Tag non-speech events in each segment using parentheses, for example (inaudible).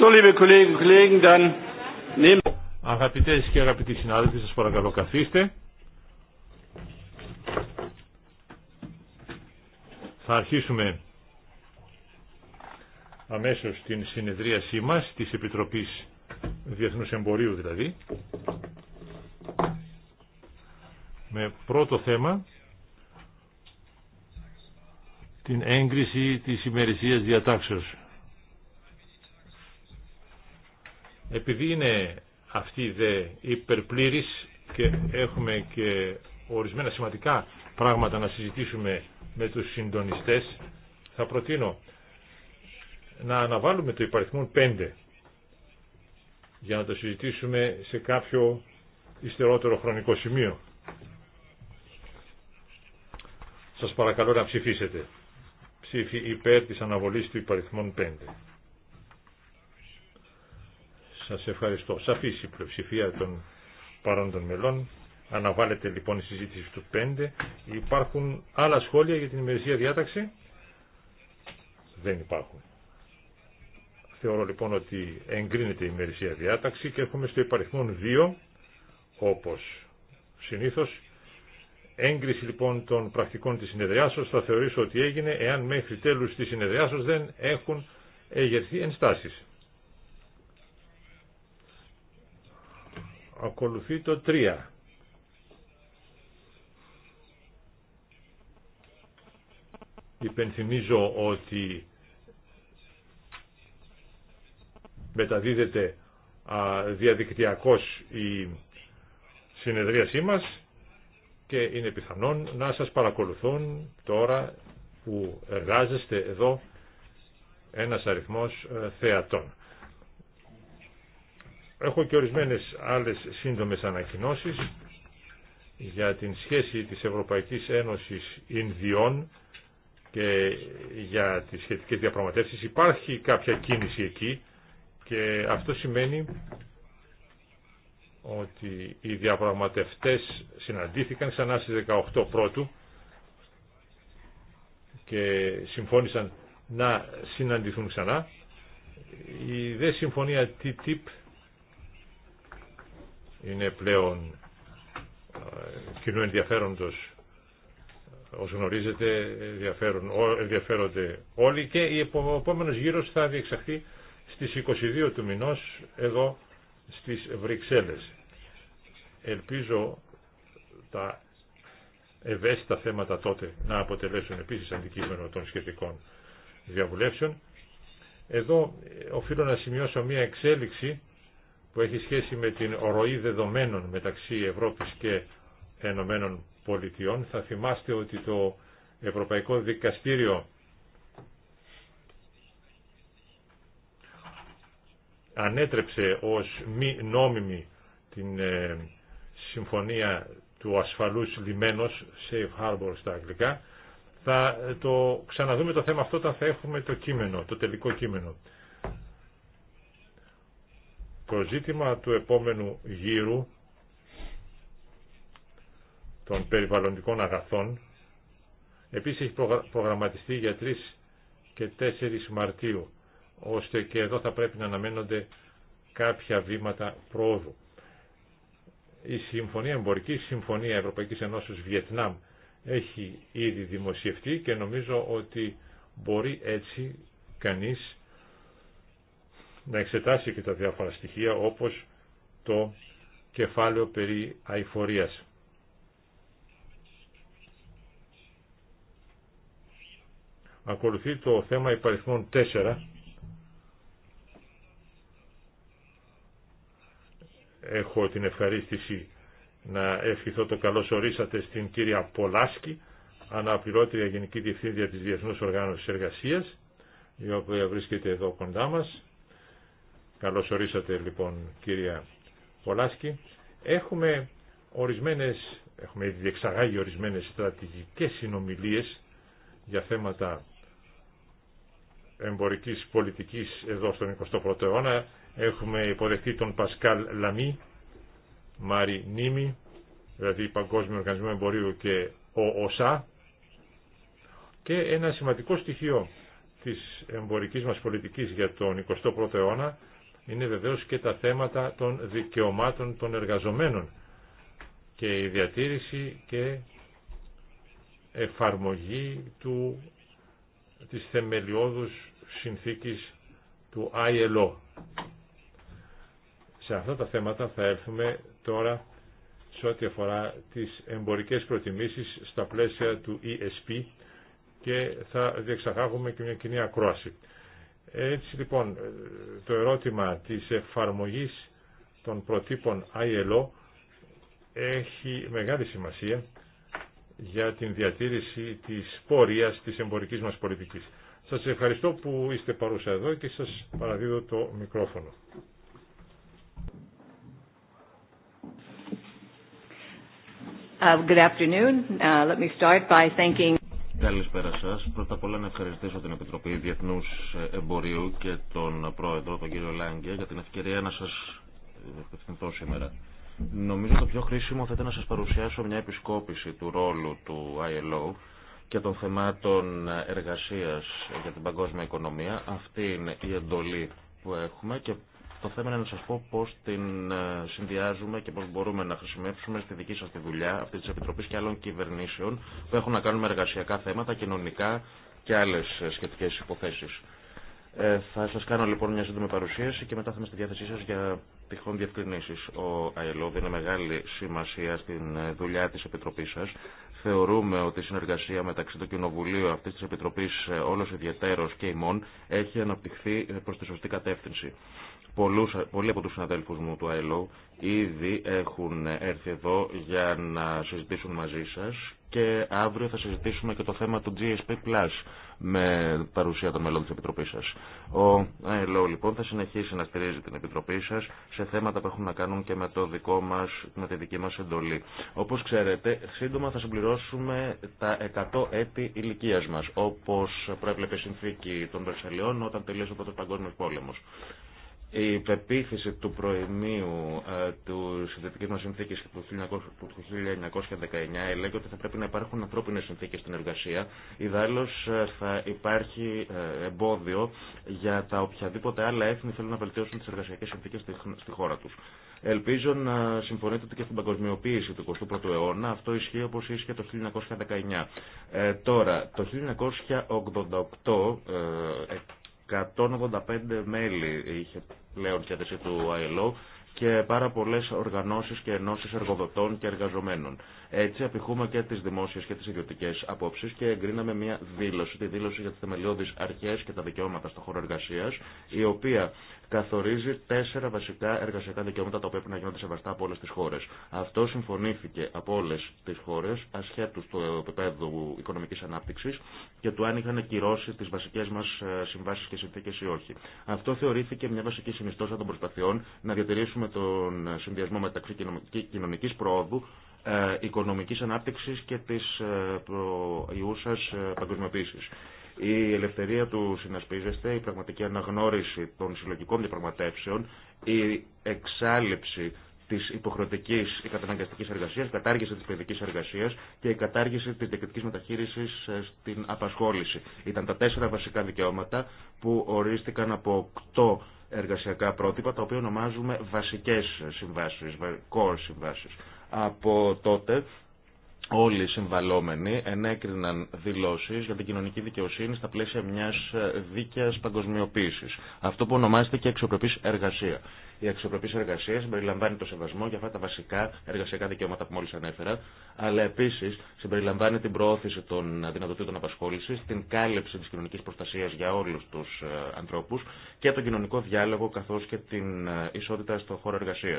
So, και αγαπητοί συνάδελφοι, σα παρακαλώ καθίστε. Θα αρχίσουμε αμέσως την συνεδρίασή μας, της Επιτροπής Διεθνούς Εμπορίου δηλαδή, με πρώτο θέμα την έγκριση της ημερησίας διατάξεως. Επειδή είναι αυτή η υπερπλήρης και έχουμε και ορισμένα σημαντικά πράγματα να συζητήσουμε με τους συντονιστές, θα προτείνω να αναβάλουμε το υπαριθμό 5 για να το συζητήσουμε σε κάποιο ιστερότερο χρονικό σημείο. Σας παρακαλώ να ψηφίσετε. Ψήφι υπέρ της αναβολής του υπαριθμών 5. Σας ευχαριστώ. Σαφής η πλειοψηφία των παρόντων μελών. Αναβάλλεται λοιπόν η συζήτηση του 5. Υπάρχουν άλλα σχόλια για την ημερησία διάταξη. Δεν υπάρχουν. Θεωρώ λοιπόν ότι εγκρίνεται η ημερησία διάταξη και έρχομαι στο υπαριθμόν 2, όπως συνήθως. Έγκριση λοιπόν των πρακτικών της συνεδριάσεως θα θεωρήσω ότι έγινε εάν μέχρι τέλους της συνεδριάσεως δεν έχουν εγερθεί ενστάσεις. Ακολουθεί το 3. Υπενθυμίζω ότι μεταδίδεται διαδικτυακώς η συνεδρίασή μας και είναι πιθανόν να σας παρακολουθούν τώρα που εργάζεστε εδώ ένας αριθμός ε, θεατών. Έχω και ορισμένες άλλες σύντομες ανακοινώσεις για την σχέση της Ευρωπαϊκής Ένωσης Ινδιών και για τις σχετικές διαπραγματεύσεις. Υπάρχει κάποια κίνηση εκεί και αυτό σημαίνει ότι οι διαπραγματευτές συναντήθηκαν ξανά στις 18 πρώτου και συμφώνησαν να συναντηθούν ξανά. Η δε συμφωνία TTIP είναι πλέον ε, κοινού ενδιαφέροντος όσο γνωρίζετε ενδιαφέρονται όλοι και ο επόμενος γύρος θα διεξαχθεί στις 22 του μηνός εδώ στις Βρυξέλλες. Ελπίζω τα ευαίσθητα θέματα τότε να αποτελέσουν επίσης αντικείμενο των σχετικών διαβουλεύσεων. Εδώ ε, οφείλω να σημειώσω μία εξέλιξη που έχει σχέση με την ροή δεδομένων μεταξύ Ευρώπης και Ενωμένων Πολιτειών. Θα θυμάστε ότι το Ευρωπαϊκό Δικαστήριο ανέτρεψε ως μη νόμιμη την ε, συμφωνία του ασφαλούς λιμένος, safe harbor στα αγγλικά. Θα το ξαναδούμε το θέμα αυτό όταν θα έχουμε το κείμενο, το τελικό κείμενο. Το ζήτημα του επόμενου γύρου των περιβαλλοντικών αγαθών επίσης έχει προγραμματιστεί για 3 και 4 Μαρτίου ώστε και εδώ θα πρέπει να αναμένονται κάποια βήματα πρόοδου. Η Συμφωνία Εμπορική Συμφωνία Ευρωπαϊκής Ενώσης Βιετνάμ έχει ήδη δημοσιευτεί και νομίζω ότι μπορεί έτσι κανείς να εξετάσει και τα διάφορα στοιχεία όπως το κεφάλαιο περί αηφορίας. Ακολουθεί το θέμα υπαριθμών 4 έχω την ευχαρίστηση να ευχηθώ το καλώς ορίσατε στην κυρία Πολάσκη, αναπληρώτρια Γενική Διευθύντρια της Διεθνούς Οργάνωσης Εργασίας, η οποία βρίσκεται εδώ κοντά μας. Καλώς ορίσατε λοιπόν κυρία Πολάσκη. Έχουμε ορισμένες, έχουμε διεξαγάγει ορισμένες στρατηγικές συνομιλίες για θέματα εμπορικής πολιτικής εδώ στον 21ο αιώνα. Έχουμε υποδεχτεί τον Πασκάλ Λαμί, Μάρι Νίμι, δηλαδή Παγκόσμιο Οργανισμό Εμπορίου και ο ΟΣΑ. Και ένα σημαντικό στοιχείο της εμπορικής μας πολιτικής για τον 21ο αιώνα είναι βεβαίως και τα θέματα των δικαιωμάτων των εργαζομένων και η διατήρηση και εφαρμογή του, της θεμελιώδους συνθήκης του ILO. Σε αυτά τα θέματα θα έρθουμε τώρα σε ό,τι αφορά τις εμπορικές προτιμήσεις στα πλαίσια του ESP και θα διεξαγάγουμε και μια κοινή ακρόαση. Έτσι λοιπόν ε, το ερώτημα της εφαρμογής των προτύπων ILO έχει μεγάλη σημασία για την διατήρηση της πορείας της εμπορικής μας πολιτικής. Σας ευχαριστώ που είστε παρούσα εδώ και σας παραδίδω το μικρόφωνο. Uh, good afternoon. Uh, let me start by thanking... Καλησπέρα σα. Πρώτα απ' όλα να ευχαριστήσω την Επιτροπή Διεθνού Εμπορίου και τον Πρόεδρο, τον κύριο Λάγκε, για την ευκαιρία να σα ευχαριστήσω σήμερα. Νομίζω το πιο χρήσιμο θα ήταν να σα παρουσιάσω μια επισκόπηση του ρόλου του ILO και των θεμάτων εργασία για την παγκόσμια οικονομία. Αυτή είναι η εντολή που έχουμε και το θέμα είναι να σας πω πώς την ε, συνδυάζουμε και πώς μπορούμε να χρησιμεύσουμε στη δική σας τη δουλειά αυτή της Επιτροπής και άλλων κυβερνήσεων που έχουν να κάνουν με εργασιακά θέματα, κοινωνικά και άλλες ε, σχετικές υποθέσεις. Ε, θα σας κάνω λοιπόν μια σύντομη παρουσίαση και μετά θα είμαι στη διάθεσή σας για τυχόν διευκρινήσεις. Ο ΑΕΛΟ δίνει μεγάλη σημασία στην ε, δουλειά της Επιτροπής σας. Θεωρούμε ότι η συνεργασία μεταξύ του Κοινοβουλίου αυτής της Επιτροπής όλο ιδιαίτερος και ημών έχει αναπτυχθεί προς τη σωστή κατεύθυνση. Πολλούς, πολλοί από τους συναδέλφους μου του ΑΕΛΟ ήδη έχουν έρθει εδώ για να συζητήσουν μαζί σας και αύριο θα συζητήσουμε και το θέμα του GSP Plus με παρουσία των μελών της Επιτροπής σας. Ο ΑΕΛΟ λοιπόν θα συνεχίσει να στηρίζει την Επιτροπή σας σε θέματα που έχουν να κάνουν και με, το δικό μας, με τη δική μας εντολή. Όπως ξέρετε, σύντομα θα συμπληρώσουμε τα 100 έτη ηλικίας μας, όπως προέβλεπε η συνθήκη των Βερσαλιών όταν τελείωσε ο Πρώτος Παγκόσμιος Πόλεμος. Η πεποίθηση του προημίου ε, του συνθετική μα συνθήκη του 1919 έλεγε ότι θα πρέπει να υπάρχουν ανθρώπινε συνθήκε στην εργασία. Ιδάλω ε, θα υπάρχει ε, εμπόδιο για τα οποιαδήποτε άλλα έθνη θέλουν να βελτιώσουν τι εργασιακέ συνθήκε στη χώρα του. Ελπίζω να συμφωνείτε ότι και στην παγκοσμιοποίηση του 21ου αιώνα αυτό ισχύει όπω ίσχυε το 1919. Ε, τώρα, το 1988 185 μέλη είχε πλέον διάθεση του ΑΕΛΟ και πάρα πολλές οργανώσεις και ενώσεις εργοδοτών και εργαζομένων. Έτσι απηχούμε και τις δημόσιες και τις ιδιωτικές απόψεις και εγκρίναμε μια δήλωση, τη δήλωση για τις θεμελιώδεις αρχές και τα δικαιώματα στον χώρο εργασίας, η οποία καθορίζει τέσσερα βασικά εργασιακά δικαιώματα τα οποία πρέπει να γίνονται σεβαστά από όλε τι χώρε. Αυτό συμφωνήθηκε από όλε τι χώρε, ασχέτω του επίπεδου οικονομική ανάπτυξη και του αν είχαν κυρώσει τι βασικέ μα ε, συμβάσει και συνθήκε ή όχι. Αυτό θεωρήθηκε μια βασική συνιστόσα των προσπαθειών να διατηρήσουμε τον συνδυασμό μεταξύ κοινωνική προόδου ε, οικονομική ανάπτυξη και τη ε, προϊούσα παγκοσμιοποίηση η ελευθερία του συνασπίζεστε, η πραγματική αναγνώριση των συλλογικών διαπραγματεύσεων, η εξάλληψη τη υποχρεωτική ή καταναγκαστική εργασία, η κατάργηση τη παιδική εργασία και η κατάργηση τη διακριτική μεταχείρισης ε, στην απασχόληση. Ήταν τα τέσσερα βασικά δικαιώματα που ορίστηκαν από οκτώ εργασιακά πρότυπα, τα οποία ονομάζουμε βασικέ συμβάσει, core συμβάσει. Από τότε όλοι οι συμβαλόμενοι ενέκριναν δηλώσεις για την κοινωνική δικαιοσύνη στα πλαίσια μιας ε, δίκαιας παγκοσμιοποίησης. Αυτό που ονομάζεται και αξιοπρεπής εργασία. Η αξιοπρεπή εργασία συμπεριλαμβάνει το σεβασμό για αυτά τα βασικά εργασιακά δικαιώματα που μόλι ανέφερα, αλλά επίση συμπεριλαμβάνει την προώθηση των δυνατοτήτων απασχόληση, την κάλυψη τη κοινωνική προστασία για όλου του ε, ανθρώπου και τον κοινωνικό διάλογο καθώ και την ε, ισότητα στον χώρο εργασία.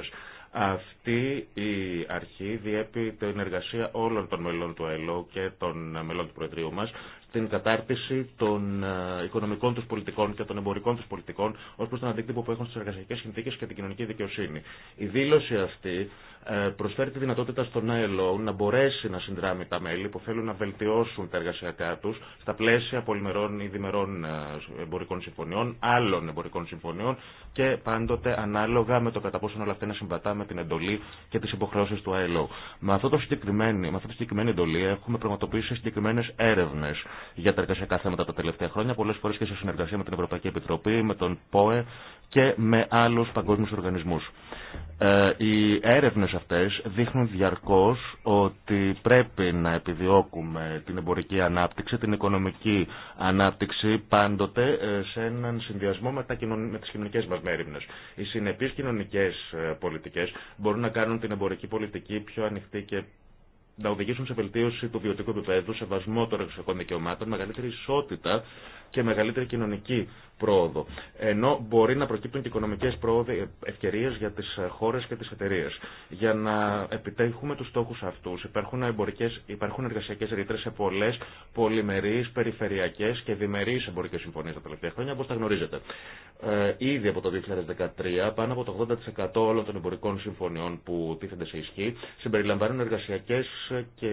Αυτή η αρχή διέπει την εργασία όλων των μελών του ΑΕΛΟ και των μελών του Προεδρείου μα την κατάρτιση των ε, οικονομικών του πολιτικών και των εμπορικών του πολιτικών ω προ τον αντίκτυπο που έχουν στι εργασιακέ συνθήκε και την κοινωνική δικαιοσύνη. Η δήλωση αυτή ε, προσφέρει τη δυνατότητα στον ILO να μπορέσει να συνδράμει τα μέλη που θέλουν να βελτιώσουν τα εργασιακά του στα πλαίσια πολυμερών ή διμερών ε, εμπορικών συμφωνιών, άλλων εμπορικών συμφωνιών και πάντοτε ανάλογα με το κατά πόσο όλα αυτά είναι συμβατά με την εντολή και τι υποχρεώσει του ΑΕΛΟ. Με, αυτή τη συγκεκριμένη εντολή έχουμε πραγματοποιήσει συγκεκριμένε έρευνε για τα εργασιακά θέματα τα τελευταία χρόνια, πολλέ φορέ και σε συνεργασία με την Ευρωπαϊκή Επιτροπή, με τον ΠΟΕ, και με άλλους παγκόσμιους οργανισμούς. Ε, οι έρευνες αυτές δείχνουν διαρκώς ότι πρέπει να επιδιώκουμε την εμπορική ανάπτυξη, την οικονομική ανάπτυξη πάντοτε ε, σε έναν συνδυασμό με, τα με τις κοινωνικές μας μέρημνες. Οι συνεπείς κοινωνικές ε, πολιτικές μπορούν να κάνουν την εμπορική πολιτική πιο ανοιχτή και να οδηγήσουν σε βελτίωση του βιωτικού επίπεδου, σεβασμό των εξωτερικών δικαιωμάτων, μεγαλύτερη ισότητα και μεγαλύτερη κοινωνική πρόοδο. Ενώ μπορεί να προκύπτουν και οικονομικέ ευκαιρίε για τι χώρε και τι εταιρείε. Για να επιτέχουμε του στόχου αυτού, υπάρχουν, υπάρχουν εργασιακέ ρήτρε σε πολλέ πολυμερεί, περιφερειακέ και διμερεί εμπορικέ συμφωνίε τα τελευταία χρόνια, όπω τα γνωρίζετε. Ε, ήδη από το 2013, πάνω από το 80% όλων των εμπορικών συμφωνιών που τίθενται σε ισχύ συμπεριλαμβάνουν εργασιακέ και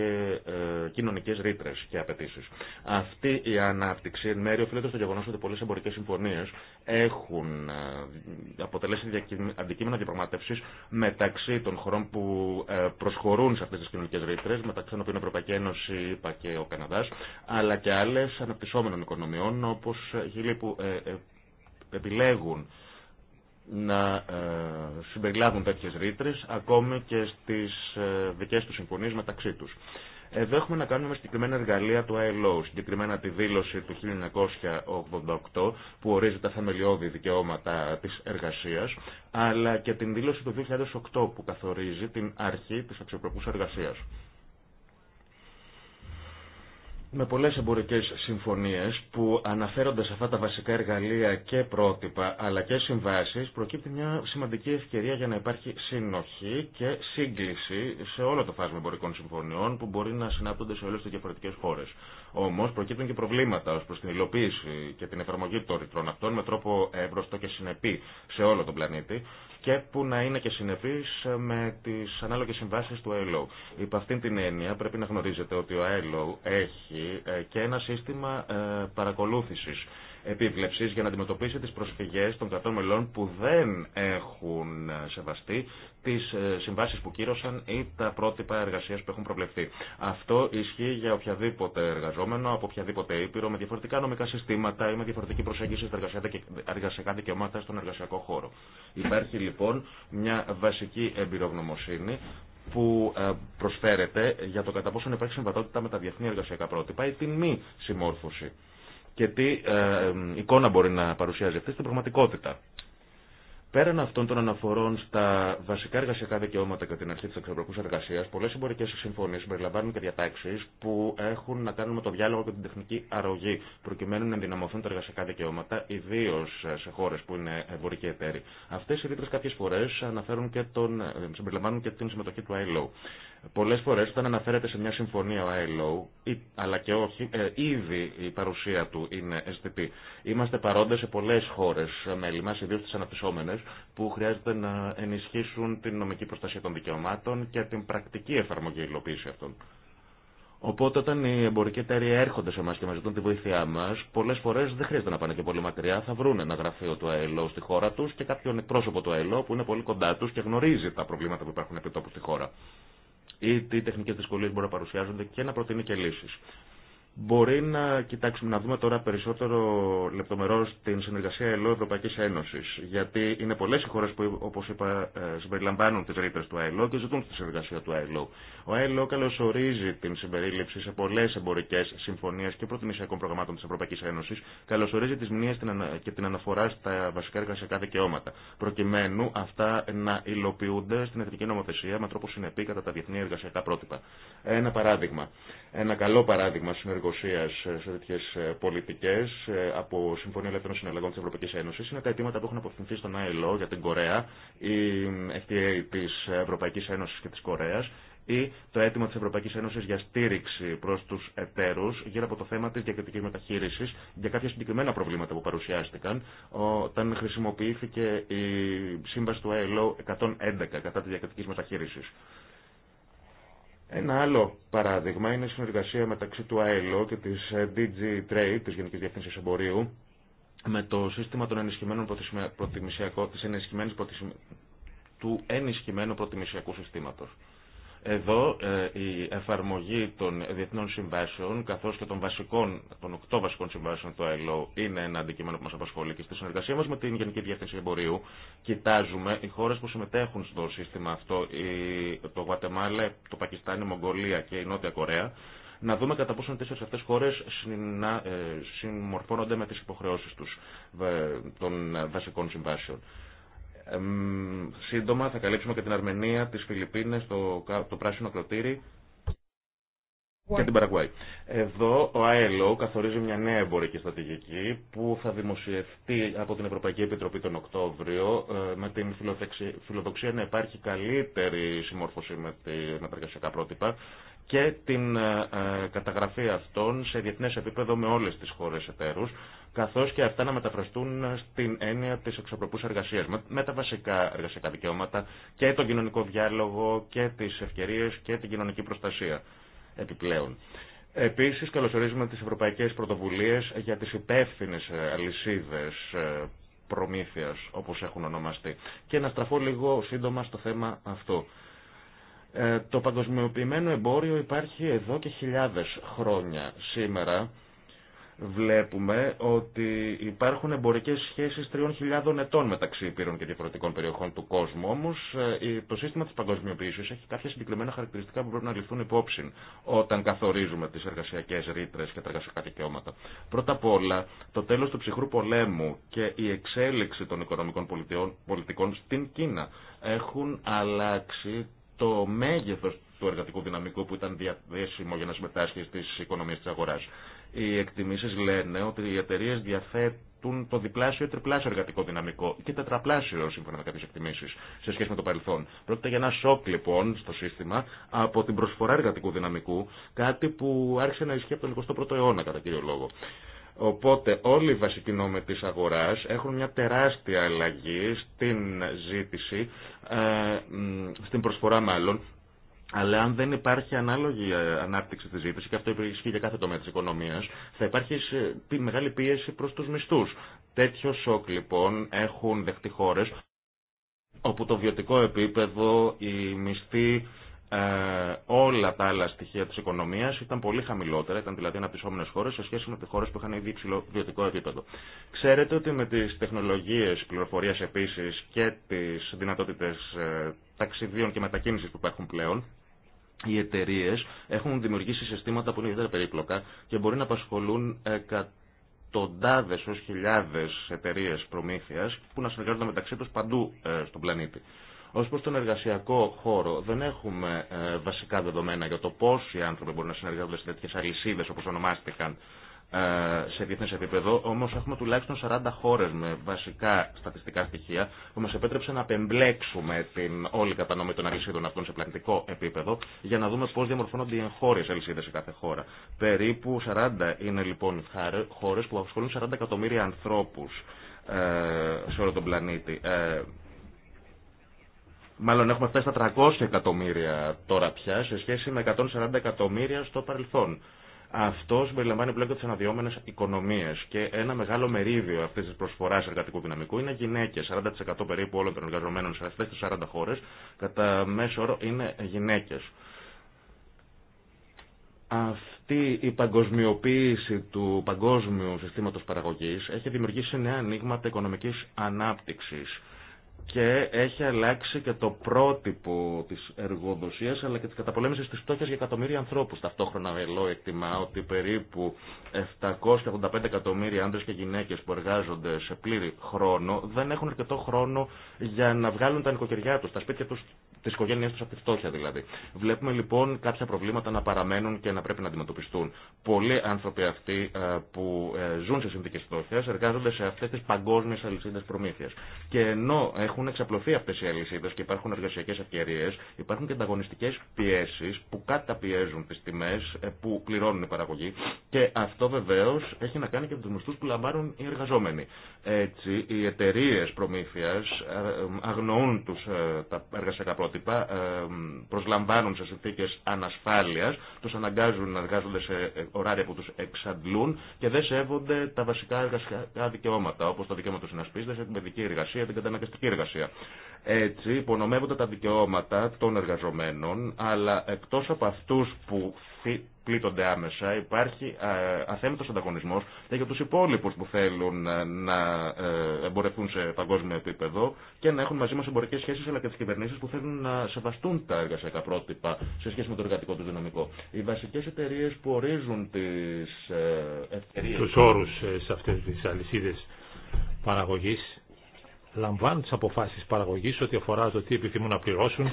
ε, κοινωνικέ ρήτρε και απαιτήσει. Αυτή η ανάπτυξη εν μέρει οφείλεται στο γεγονό ότι πολλέ εμπορικέ συμφωνίε έχουν ε, αποτελέσει αντικείμενα διαπραγμάτευση μεταξύ των χωρών που ε, προσχωρούν σε αυτέ τι κοινωνικέ ρήτρε, μεταξύ των οποίων η Ευρωπαϊκή Ένωση, είπα και ο Καναδά, αλλά και άλλε αναπτυσσόμενων οικονομιών όπω ε, οι που επιλέγουν να συμπεριλάβουν τέτοιες ρήτρες, ακόμη και στις δικές τους συμφωνίες μεταξύ τους. Εδώ έχουμε να κάνουμε συγκεκριμένα εργαλεία του ILO, συγκεκριμένα τη δήλωση του 1988 που ορίζει τα θεμελιώδη δικαιώματα της εργασίας, αλλά και την δήλωση του 2008 που καθορίζει την αρχή της αξιοπρεπούς εργασίας με πολλές εμπορικές συμφωνίες που αναφέρονται σε αυτά τα βασικά εργαλεία και πρότυπα αλλά και συμβάσεις προκύπτει μια σημαντική ευκαιρία για να υπάρχει συνοχή και σύγκληση σε όλο το φάσμα εμπορικών συμφωνιών που μπορεί να συνάπτονται σε όλες τις διαφορετικές χώρες. Όμω προκύπτουν και προβλήματα ω προ την υλοποίηση και την εφαρμογή των ρητρών αυτών με τρόπο εύρωστο και συνεπή σε όλο τον πλανήτη και που να είναι και συνεπή με τι ανάλογε συμβάσει του ΆΕΛΟΥ. Υπ' αυτήν την έννοια πρέπει να γνωρίζετε ότι ο ΆΕΛΟΥ έχει ε, και ένα σύστημα ε, παρακολούθηση επίβλεψης για να αντιμετωπίσει τις προσφυγές των κρατών μελών που δεν έχουν σεβαστεί τις ε, συμβάσεις που κύρωσαν ή τα πρότυπα εργασία που έχουν προβλεφθεί. Αυτό ισχύει για οποιαδήποτε εργαζόμενο, από οποιαδήποτε ήπειρο, με διαφορετικά νομικά συστήματα ή με διαφορετική προσέγγιση στα εργασιακά δικαιώματα στον εργασιακό χώρο. Υπάρχει λοιπόν μια βασική εμπειρογνωμοσύνη που ε, προσφέρεται για το κατά πόσο υπάρχει συμβατότητα με τα διεθνή εργασιακά πρότυπα ή τη μη συμμόρφωση και τι ε, εικόνα μπορεί να παρουσιάζει αυτή στην πραγματικότητα. Πέραν αυτών των αναφορών στα βασικά εργασιακά δικαιώματα και την αρχή τη εξωτερική εργασία, πολλέ εμπορικέ συμφωνίε περιλαμβάνουν και διατάξει που έχουν να κάνουν με το διάλογο και την τεχνική αρρωγή, προκειμένου να ενδυναμωθούν τα εργασιακά δικαιώματα, ιδίω σε χώρε που είναι εμπορικοί εταίροι. Αυτέ οι ρήτρε κάποιε φορέ ε, συμπεριλαμβάνουν και την συμμετοχή του ILO. Πολλέ φορέ όταν αναφέρεται σε μια συμφωνία ο ILO, αλλά και όχι, ε, ήδη η παρουσία του είναι αισθητή. Είμαστε παρόντε σε πολλέ χώρε ε, μέλη μα, ιδίω τι αναπτυσσόμενε, που χρειάζεται να ενισχύσουν την νομική προστασία των δικαιωμάτων και την πρακτική εφαρμογή υλοποίηση αυτών. Οπότε όταν οι εμπορικοί εταίροι έρχονται σε εμά και μα ζητούν τη βοήθειά μα, πολλέ φορέ δεν χρειάζεται να πάνε και πολύ μακριά. Θα βρουν ένα γραφείο του ΑΕΛΟ στη χώρα του και κάποιον πρόσωπο του ΑΕΛΟ που είναι πολύ κοντά του και γνωρίζει τα προβλήματα που υπάρχουν επί στη χώρα ή τι τεχνικέ δυσκολίε μπορεί να παρουσιάζονται και να προτείνει και λύσει. Μπορεί να κοιτάξουμε να δούμε τώρα περισσότερο λεπτομερό την συνεργασία ΕΛΟ Ευρωπαϊκής Ένωσης. Γιατί είναι πολλέ οι χώρε που, όπω είπα, ε, συμπεριλαμβάνουν τι ρήτρε του ΑΕΛΟ και ζητούν τη συνεργασία του ΑΕΛΟ. Ο ΑΕΛΟ καλωσορίζει την συμπερίληψη σε πολλέ εμπορικέ συμφωνίε και προτιμησιακών προγραμμάτων της Ευρωπαϊκής Ένωσης. Καλωσορίζει τι μνήμε και την αναφορά στα βασικά εργασιακά δικαιώματα. Προκειμένου αυτά να υλοποιούνται στην εθνική νομοθεσία με τρόπο συνεπή κατά τα διεθνή εργασιακά πρότυπα. Ένα παράδειγμα ένα καλό παράδειγμα συνεργασία σε τέτοιε πολιτικέ ε, από Συμφωνία Ελεύθερων Συναλλαγών τη Ευρωπαϊκή Ένωση είναι τα αιτήματα που έχουν αποφυνθεί στον ΑΕΛΟ για την Κορέα, η FTA τη Ευρωπαϊκή Ένωση και τη Κορέα ή το αίτημα τη Ευρωπαϊκή Ένωση για στήριξη προ του εταίρου γύρω από το θέμα τη διακριτική μεταχείριση για κάποια συγκεκριμένα προβλήματα που παρουσιάστηκαν όταν χρησιμοποιήθηκε η σύμβαση του ΑΕΛΟ 111 κατά τη διακριτική μεταχείριση. Ένα άλλο παράδειγμα είναι η συνεργασία μεταξύ του ΑΕΛΟ και της ε, DG Trade, της Γενικής Διεύθυνσης Εμπορίου, με το σύστημα των ενισχυμένων προτιμησιακών, της ενισχυμένης του ενισχυμένου προτιμησιακού συστήματος. Εδώ ε, η εφαρμογή των διεθνών συμβάσεων καθώς και των, βασικών, των οκτώ βασικών συμβάσεων του ΑΕΛΟ είναι ένα αντικείμενο που μας απασχολεί και στη συνεργασία μας με την Γενική Διεύθυνση Εμπορίου κοιτάζουμε οι χώρες που συμμετέχουν στο σύστημα αυτό, το Γουατεμάλα, το Πακιστάν, η Μογγολία και η Νότια Κορέα να δούμε κατά πόσο οι τέσσερι αυτέ χώρε ε, συμμορφώνονται με τι υποχρεώσει του των ε, βασικών συμβάσεων σύντομα θα καλύψουμε και την Αρμενία, τις Φιλιππίνες, το, το πράσινο κροτήρι και την Παραγουάη. Εδώ ο ΑΕΛΟ καθορίζει μια νέα εμπορική στρατηγική που θα δημοσιευτεί από την Ευρωπαϊκή Επιτροπή τον Οκτώβριο ε, με την φιλοδοξία να υπάρχει καλύτερη συμμόρφωση με τα εργασιακά πρότυπα και την ε, ε, καταγραφή αυτών σε διεθνές επίπεδο με όλες τις χώρες εταίρους, καθώς και αυτά να μεταφραστούν στην έννοια της εξωπροπούς εργασίας, με τα βασικά εργασιακά δικαιώματα και τον κοινωνικό διάλογο και τις ευκαιρίες και την κοινωνική προστασία επιπλέον. Επίσης, καλωσορίζουμε τις ευρωπαϊκές πρωτοβουλίες για τις υπεύθυνες ε, αλυσίδες προμήθειας, όπως έχουν ονομαστεί. Και να στραφώ λίγο σύντομα στο θέμα αυτό. Ε, το παγκοσμιοποιημένο εμπόριο υπάρχει εδώ και χιλιάδες χρόνια. Σήμερα βλέπουμε ότι υπάρχουν εμπορικές σχέσεις 3.000 ετών μεταξύ υπήρων και διαφορετικών περιοχών του κόσμου. Όμως ε, το σύστημα της παγκοσμιοποίησης έχει κάποια συγκεκριμένα χαρακτηριστικά που πρέπει να ληφθούν υπόψη όταν καθορίζουμε τις εργασιακές ρήτρε και τα εργασιακά δικαιώματα. Πρώτα απ' όλα το τέλος του ψυχρού πολέμου και η εξέλιξη των οικονομικών πολιτικών στην Κίνα έχουν αλλάξει το μέγεθος του εργατικού δυναμικού που ήταν διαθέσιμο για να συμμετάσχει στις οικονομίες της αγοράς. Οι εκτιμήσεις λένε ότι οι εταιρείε διαθέτουν το διπλάσιο ή τριπλάσιο εργατικό δυναμικό και τετραπλάσιο σύμφωνα με κάποιες εκτιμήσεις σε σχέση με το παρελθόν. Πρόκειται για ένα σοκ λοιπόν στο σύστημα από την προσφορά εργατικού δυναμικού, κάτι που άρχισε να ισχύει από τον 21ο αιώνα κατά κύριο λόγο. Οπότε όλοι οι βασικοί νόμοι της αγοράς έχουν μια τεράστια αλλαγή στην ζήτηση, ε, στην προσφορά μάλλον, αλλά αν δεν υπάρχει ανάλογη ε, ανάπτυξη της ζήτηση, και αυτό υπήρχε για κάθε τομέα της οικονομίας, θα υπάρχει μεγάλη πίεση προς τους μισθούς. Τέτοιο σοκ λοιπόν έχουν δεχτεί χώρε όπου το βιωτικό επίπεδο, οι μισθοί ε, όλα τα άλλα στοιχεία της οικονομίας ήταν πολύ χαμηλότερα, ήταν δηλαδή αναπτυσσόμενες χώρες σε σχέση με τις χώρες που είχαν ήδη υψηλό βιωτικό επίπεδο. Ξέρετε ότι με τις τεχνολογίες πληροφορίας επίσης και τις δυνατότητες ε, ταξιδίων και μετακίνησης που υπάρχουν πλέον, οι εταιρείε έχουν δημιουργήσει συστήματα που είναι ιδιαίτερα περίπλοκα και μπορεί να απασχολούν εκατοντάδε ω χιλιάδε εταιρείε προμήθεια που να συνεργάζονται μεταξύ του παντού ε, στον πλανήτη. Ω προ τον εργασιακό χώρο, δεν έχουμε ε, βασικά δεδομένα για το οι άνθρωποι μπορούν να συνεργάζονται σε τέτοιε αλυσίδε όπω ονομάστηκαν ε, σε διεθνέ επίπεδο. Όμω έχουμε τουλάχιστον 40 χώρε με βασικά στατιστικά στοιχεία που μα επέτρεψε να απεμπλέξουμε την όλη κατανομή των αλυσίδων αυτών σε πλανητικό επίπεδο για να δούμε πώ διαμορφώνονται οι εγχώριε αλυσίδε σε κάθε χώρα. Περίπου 40 είναι λοιπόν χώρε που απασχολούν 40 εκατομμύρια ανθρώπου ε, σε όλο τον πλανήτη. Μάλλον έχουμε φτάσει στα 300 εκατομμύρια τώρα πια σε σχέση με 140 εκατομμύρια στο παρελθόν. Αυτό συμπεριλαμβάνει πλέον και τι αναδυόμενε οικονομίε και ένα μεγάλο μερίδιο αυτή τη προσφορά εργατικού δυναμικού είναι γυναίκε. 40% περίπου όλων των εργαζομένων σε αυτέ τι 40 χώρε κατά μέσο όρο είναι γυναίκε. Αυτή η παγκοσμιοποίηση του παγκόσμιου συστήματος παραγωγής έχει δημιουργήσει νέα ανοίγματα οικονομικής ανάπτυξη και έχει αλλάξει και το πρότυπο της εργοδοσίας αλλά και της καταπολέμησης της φτώχειας για εκατομμύρια ανθρώπους. Ταυτόχρονα ελό εκτιμά ότι περίπου 785 εκατομμύρια άντρες και γυναίκες που εργάζονται σε πλήρη χρόνο δεν έχουν αρκετό χρόνο για να βγάλουν τα νοικοκυριά τους, τα σπίτια τους τι οικογένειέ του από τη φτώχεια δηλαδή. Βλέπουμε λοιπόν κάποια προβλήματα να παραμένουν και να πρέπει να αντιμετωπιστούν. Πολλοί άνθρωποι αυτοί ε, που ε, ζουν σε συνθήκε φτώχεια εργάζονται σε αυτέ τι παγκόσμιες αλυσίδε προμήθεια. Και ενώ έχουν εξαπλωθεί αυτέ οι αλυσίδε και υπάρχουν εργασιακέ ευκαιρίε, υπάρχουν και ανταγωνιστικέ πιέσει που καταπιέζουν τις τιμές ε, που πληρώνουν οι παραγωγοί και αυτό βεβαίω έχει να κάνει και με του μισθού που λαμβάνουν οι εργαζόμενοι. Έτσι, οι εταιρείε προμήθειας αγνοούν τους, τα εργασιακά πρότυπα ε, προσλαμβάνουν σε συνθήκε ανασφάλεια, του αναγκάζουν να εργάζονται σε ε, ωράρια που του εξαντλούν και δεν σέβονται τα βασικά εργασιακά δικαιώματα, όπω το δικαίωμα του συνασπίστε, την παιδική εργασία, την καταναγκαστική εργασία. Έτσι υπονομεύονται τα δικαιώματα των εργαζομένων, αλλά εκτό από αυτού που πλήττονται άμεσα, υπάρχει αθέμητο ανταγωνισμό για του υπόλοιπου που θέλουν ε, να ε, εμπορευτούν σε παγκόσμιο επίπεδο και να έχουν μαζί μα εμπορικέ σχέσει, αλλά και τι κυβερνήσει που θέλουν να σεβαστούν τα εργασιακά πρότυπα σε σχέση με το εργατικό του δυναμικό. Οι βασικέ εταιρείε που ορίζουν τι ευκαιρίε. Του όρου ε, σε αυτέ τι αλυσίδε παραγωγή λαμβάνουν τι αποφάσει παραγωγή ό,τι αφορά το τι επιθυμούν να πληρώσουν,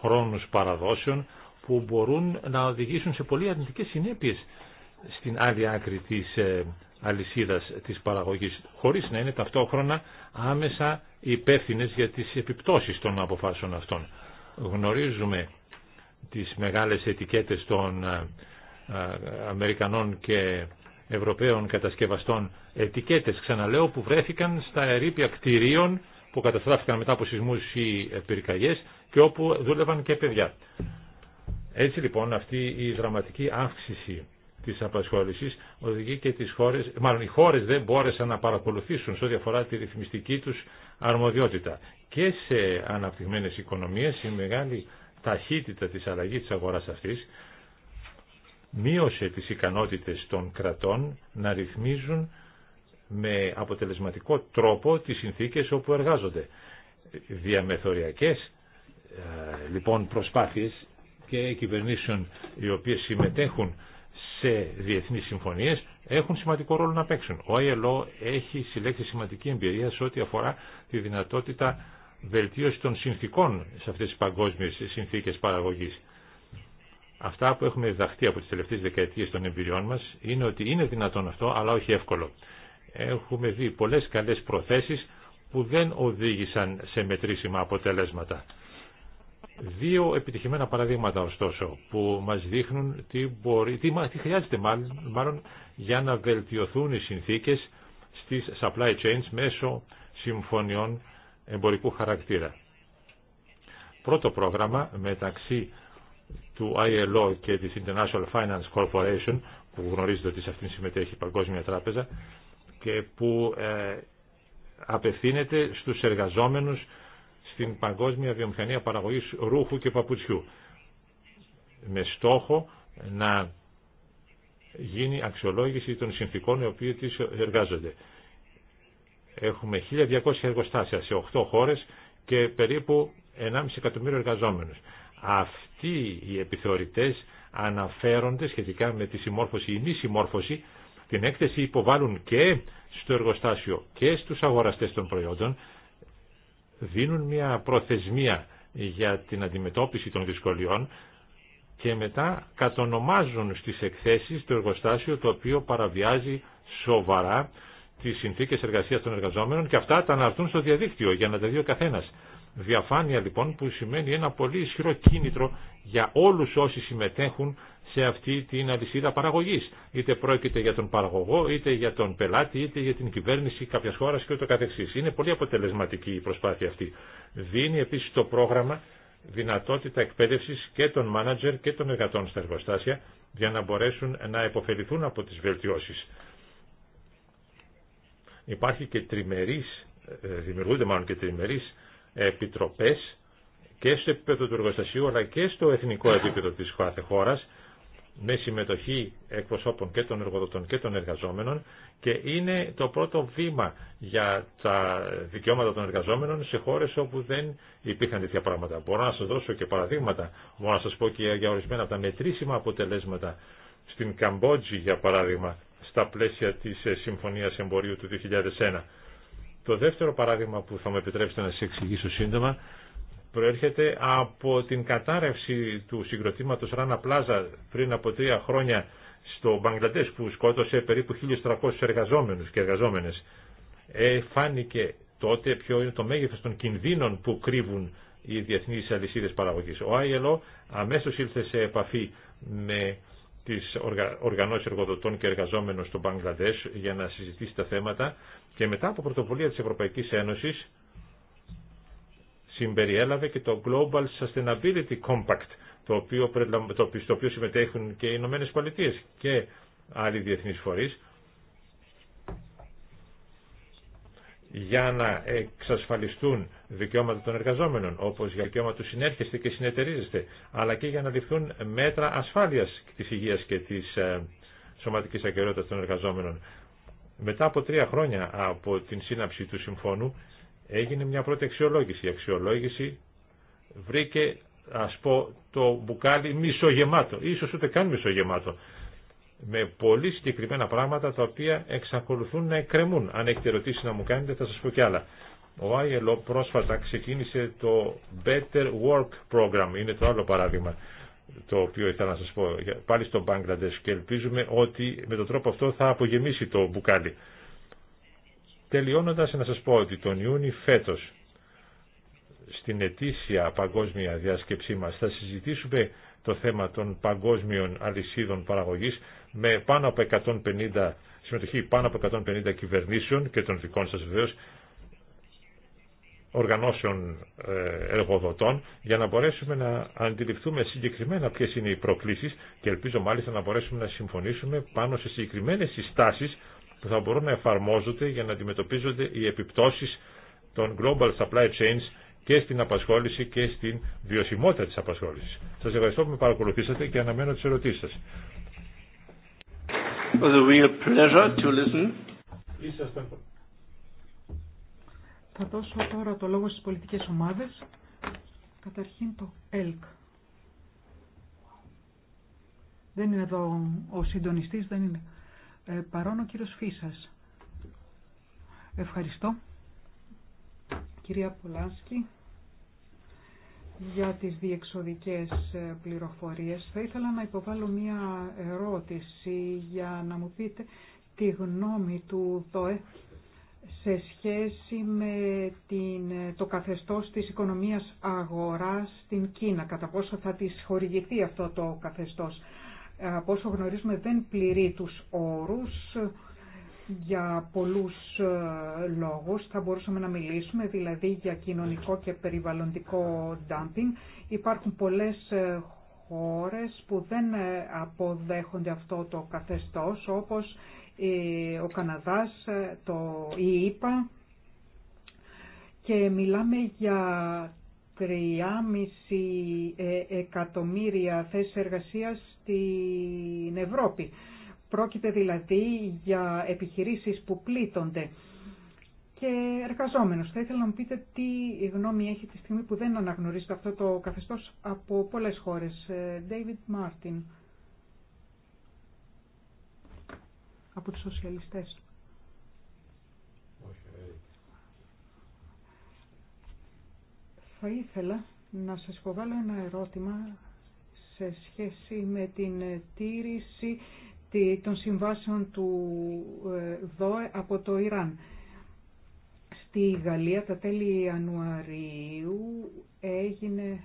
χρόνους παραδόσεων, που μπορούν να οδηγήσουν σε πολύ αρνητικές συνέπειες στην άλλη άκρη της ε, αλυσίδας της παραγωγής, χωρίς να είναι ταυτόχρονα άμεσα υπεύθυνε για τις επιπτώσεις των αποφάσεων αυτών. Γνωρίζουμε τις μεγάλες ετικέτες των ε, ε, Αμερικανών και Ευρωπαίων κατασκευαστών ετικέτες, ξαναλέω, που βρέθηκαν στα ερήπια κτηρίων που καταστράφηκαν μετά από σεισμούς ή πυρκαγιές και όπου δούλευαν και παιδιά. Έτσι λοιπόν αυτή η δραματική αύξηση της απασχόλησης οδηγεί και τις χώρες, μάλλον οι χώρες δεν μπόρεσαν να παρακολουθήσουν σε ό,τι αφορά τη ρυθμιστική τους αρμοδιότητα. Και σε αναπτυγμένες οικονομίες η μεγάλη ταχύτητα της αλλαγής της αγοράς αυτής μείωσε τις ικανότητες των κρατών να ρυθμίζουν με αποτελεσματικό τρόπο τις συνθήκες όπου εργάζονται. Διαμεθοριακές ε, λοιπόν προσπάθειες και κυβερνήσεων οι οποίες συμμετέχουν σε διεθνείς συμφωνίες έχουν σημαντικό ρόλο να παίξουν. Ο ILO έχει συλλέξει σημαντική εμπειρία σε ό,τι αφορά τη δυνατότητα βελτίωση των συνθήκων σε αυτές τις παγκόσμιες συνθήκες παραγωγής. Αυτά που έχουμε διδαχθεί από τις τελευταίες δεκαετίες των εμπειριών μας είναι ότι είναι δυνατόν αυτό, αλλά όχι εύκολο. Έχουμε δει πολλές καλές προθέσεις που δεν οδήγησαν σε μετρήσιμα αποτελέσματα. Δύο επιτυχημένα παραδείγματα ωστόσο που μας δείχνουν τι, μπορεί, τι, χρειάζεται μάλλον, για να βελτιωθούν οι συνθήκες στις supply chains μέσω συμφωνιών εμπορικού χαρακτήρα. Πρώτο πρόγραμμα μεταξύ του ILO και της International Finance Corporation που γνωρίζετε ότι σε αυτήν συμμετέχει η Παγκόσμια Τράπεζα και που ε, απευθύνεται στους εργαζόμενους στην παγκόσμια βιομηχανία παραγωγής ρούχου και παπουτσιού με στόχο να γίνει αξιολόγηση των συνθήκων οι οποίοι τις εργάζονται. Έχουμε 1.200 εργοστάσια σε 8 χώρες και περίπου 1,5 εκατομμύριο εργαζόμενους. Αυτοί οι επιθεωρητές αναφέρονται σχετικά με τη συμμόρφωση ή μη συμμόρφωση την έκθεση υποβάλλουν και στο εργοστάσιο και στους αγοραστές των προϊόντων δίνουν μια προθεσμία για την αντιμετώπιση των δυσκολιών και μετά κατονομάζουν στις εκθέσεις το εργοστάσιο το οποίο παραβιάζει σοβαρά τις συνθήκες εργασίας των εργαζόμενων και αυτά τα αναρτούν στο διαδίκτυο για να τα δει ο καθένας. Διαφάνεια λοιπόν που σημαίνει ένα πολύ ισχυρό κίνητρο για όλους όσοι συμμετέχουν σε αυτή την αλυσίδα παραγωγής. Είτε πρόκειται για τον παραγωγό, είτε για τον πελάτη, είτε για την κυβέρνηση κάποιας χώρας και ούτω καθεξής. Είναι πολύ αποτελεσματική η προσπάθεια αυτή. Δίνει επίσης το πρόγραμμα δυνατότητα εκπαίδευσης και των μάνατζερ και των εργατών στα εργοστάσια για να μπορέσουν να επωφεληθούν από τις βελτιώσεις. Υπάρχει και τριμερής, ε, δημιουργούνται μάλλον και τριμερής επιτροπές και στο επίπεδο του εργοστασίου αλλά και στο εθνικό επίπεδο της κάθε χώρας με συμμετοχή εκπροσώπων και των εργοδοτών και των εργαζόμενων και είναι το πρώτο βήμα για τα δικαιώματα των εργαζόμενων σε χώρες όπου δεν υπήρχαν τέτοια πράγματα. Μπορώ να σας δώσω και παραδείγματα, μπορώ να σας πω και για ορισμένα από τα μετρήσιμα αποτελέσματα στην Καμπότζη για παράδειγμα στα πλαίσια της ε, Συμφωνίας Εμπορίου του 2001 το δεύτερο παράδειγμα που θα μου επιτρέψετε να σα εξηγήσω σύντομα προέρχεται από την κατάρρευση του συγκροτήματος Ράνα Πλάζα πριν από τρία χρόνια στο Μπαγκλαντές που σκότωσε περίπου 1.300 εργαζόμενους και εργαζόμενες. Ε, φάνηκε τότε ποιο είναι το μέγεθος των κινδύνων που κρύβουν οι διεθνείς αλυσίδες παραγωγής. Ο ILO αμέσως ήλθε σε επαφή με τις οργανώσεις εργοδοτών και εργαζόμενων στο Μπαγκλαντές για να συζητήσει τα θέματα και μετά από πρωτοβουλία της Ευρωπαϊκής Ένωσης συμπεριέλαβε και το Global Sustainability Compact το οποίο, στο οποίο συμμετέχουν και οι Ηνωμένε Πολιτείε και άλλοι διεθνείς φορείς για να εξασφαλιστούν δικαιώματα των εργαζόμενων, όπως για δικαιώματα του συνέρχεστε και συνεταιρίζεστε, αλλά και για να ληφθούν μέτρα ασφάλειας της υγείας και της ε, σωματικής ακαιρότητας των εργαζόμενων. Μετά από τρία χρόνια από την σύναψη του συμφώνου έγινε μια πρώτη αξιολόγηση. Η αξιολόγηση βρήκε, ας πω, το μπουκάλι μισογεμάτο, ίσως ούτε καν μισογεμάτο με πολύ συγκεκριμένα πράγματα τα οποία εξακολουθούν να εκκρεμούν. Αν έχετε ερωτήσει να μου κάνετε θα σας πω κι άλλα. Ο ILO πρόσφατα ξεκίνησε το Better Work Program, είναι το άλλο παράδειγμα το οποίο ήθελα να σας πω πάλι στο Bangladesh και ελπίζουμε ότι με τον τρόπο αυτό θα απογεμίσει το μπουκάλι. Τελειώνοντας να σας πω ότι τον Ιούνιο φέτος στην ετήσια παγκόσμια διάσκεψή μας θα συζητήσουμε το θέμα των παγκόσμιων αλυσίδων παραγωγής με πάνω από 150 συμμετοχή πάνω από 150 κυβερνήσεων και των δικών σας βεβαίως οργανώσεων ε, εργοδοτών για να μπορέσουμε να αντιληφθούμε συγκεκριμένα ποιες είναι οι προκλήσεις και ελπίζω μάλιστα να μπορέσουμε να συμφωνήσουμε πάνω σε συγκεκριμένες συστάσεις που θα μπορούν να εφαρμόζονται για να αντιμετωπίζονται οι επιπτώσεις των global supply chains και στην απασχόληση και στην βιωσιμότητα της απασχόλησης. Σας ευχαριστώ που με παρακολουθήσατε και αναμένω τις ερωτήσεις σας a real pleasure to listen. Θα δώσω τώρα το λόγο στις πολιτικές ομάδες. Καταρχήν το ΕΛΚ. Δεν είναι εδώ ο συντονιστής, δεν είναι. Ε, παρόν ο κύριος Φίσας. Ευχαριστώ. Κυρία Πολάσκη, για τις διεξοδικές ε, πληροφορίες. Θα ήθελα να υποβάλω μία ερώτηση για να μου πείτε τη γνώμη του ΔΟΕ σε σχέση με την, ε, το καθεστώς της οικονομίας αγοράς στην Κίνα, κατά πόσο θα της χορηγηθεί αυτό το καθεστώς. Από όσο γνωρίζουμε δεν πληρεί τους όρους για πολλούς ε, λόγους. Θα μπορούσαμε να μιλήσουμε δηλαδή για κοινωνικό και περιβαλλοντικό dumping. Υπάρχουν πολλές ε, χώρες που δεν ε, αποδέχονται αυτό το καθεστώς όπως ο Καναδάς, το ΙΠΑ και μιλάμε για 3,5 εκατομμύρια θέσεις εργασίας στην Ευρώπη. Πρόκειται δηλαδή για επιχειρήσεις που πλήττονται και εργαζόμενος, Θα ήθελα να μου πείτε τι γνώμη έχει τη στιγμή που δεν αναγνωρίζετε αυτό το καθεστώς από πολλές χώρες. Ε, David Martin από τους σοσιαλιστές. Ε. Θα ήθελα να σας υποβάλω ένα ερώτημα σε σχέση με την τήρηση των συμβάσεων του ε, ΔΟΕ από το Ιράν. Στη Γαλλία τα τέλη Ιανουαρίου έγινε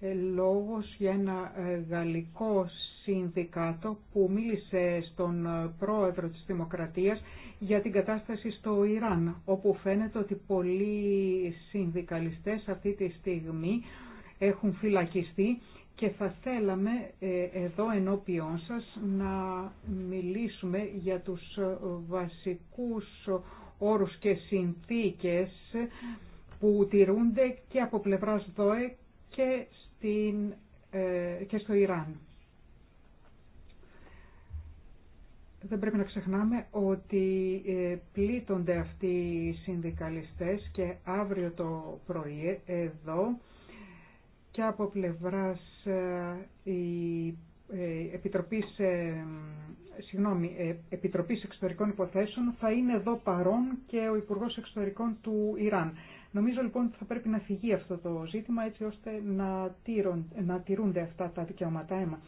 ε, λόγος για ένα ε, γαλλικό συνδικάτο που μίλησε στον πρόεδρο της Δημοκρατίας για την κατάσταση στο Ιράν, όπου φαίνεται ότι πολλοί συνδικαλιστές αυτή τη στιγμή έχουν φυλακιστεί και θα θέλαμε ε, εδώ ενώπιόν σας να μιλήσουμε για τους ε, βασικούς όρους και συνθήκες που τηρούνται και από πλευράς ΔΟΕ και, στην, ε, και στο Ιράν. Δεν πρέπει να ξεχνάμε ότι πλήττονται αυτοί οι συνδικαλιστές και αύριο το πρωί εδώ και από πλευράς ε, η ε, Επιτροπής, ε, συγγνώμη, Επιτροπής Εξωτερικών Υποθέσεων θα είναι εδώ παρόν και ο Υπουργός Εξωτερικών του Ιράν. Νομίζω λοιπόν ότι θα πρέπει να φυγεί αυτό το ζήτημα έτσι ώστε να, τήρουν, να τηρούνται αυτά τα δικαιώματά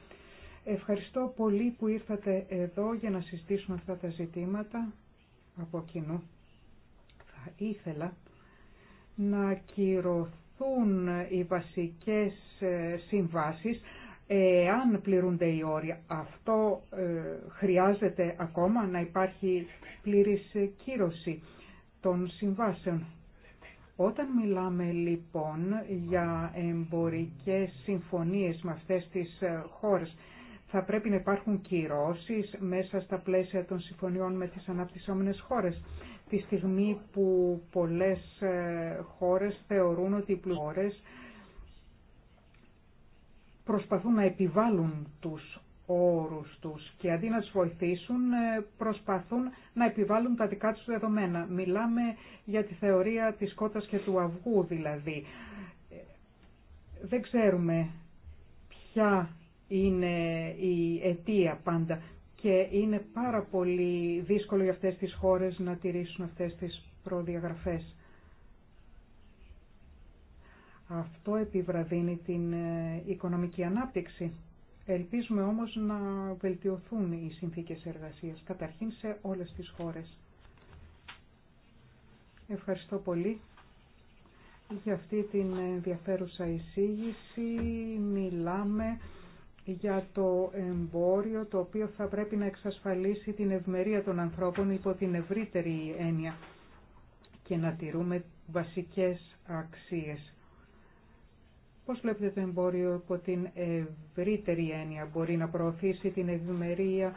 Ευχαριστώ πολύ που ήρθατε εδώ για να συζητήσουμε αυτά τα ζητήματα από κοινού. Θα ήθελα να κυρωθεί ακολουθούν οι βασικές ε, συμβάσεις εάν πληρούνται οι όρια. Αυτό ε, χρειάζεται ακόμα να υπάρχει πλήρης κύρωση των συμβάσεων. Όταν μιλάμε λοιπόν για εμπορικές συμφωνίες με αυτές τις ε, χώρες, θα πρέπει να υπάρχουν κυρώσεις μέσα στα πλαίσια των συμφωνιών με τις αναπτυσσόμενες χώρες τη στιγμή που πολλές ε, χώρες θεωρούν ότι οι πλούσιες προσπαθούν να επιβάλλουν τους όρους τους και αντί να τους βοηθήσουν ε, προσπαθούν να επιβάλλουν τα δικά τους δεδομένα. Μιλάμε για τη θεωρία της κότας και του αυγού δηλαδή. Δεν ξέρουμε ποια είναι η αιτία πάντα και είναι πάρα πολύ δύσκολο για αυτές τις χώρες να τηρήσουν αυτές τις προδιαγραφές. Αυτό επιβραδύνει την ε, οικονομική ανάπτυξη. Ελπίζουμε όμως να βελτιωθούν οι συνθήκες εργασίας, καταρχήν σε όλες τις χώρες. Ευχαριστώ πολύ για αυτή την ενδιαφέρουσα εισήγηση. Μιλάμε για το εμπόριο το οποίο θα πρέπει να εξασφαλίσει την ευμερία των ανθρώπων υπό την ευρύτερη έννοια και να τηρούμε βασικές αξίες. Πώς βλέπετε το εμπόριο υπό την ευρύτερη έννοια μπορεί να προωθήσει την ευμερία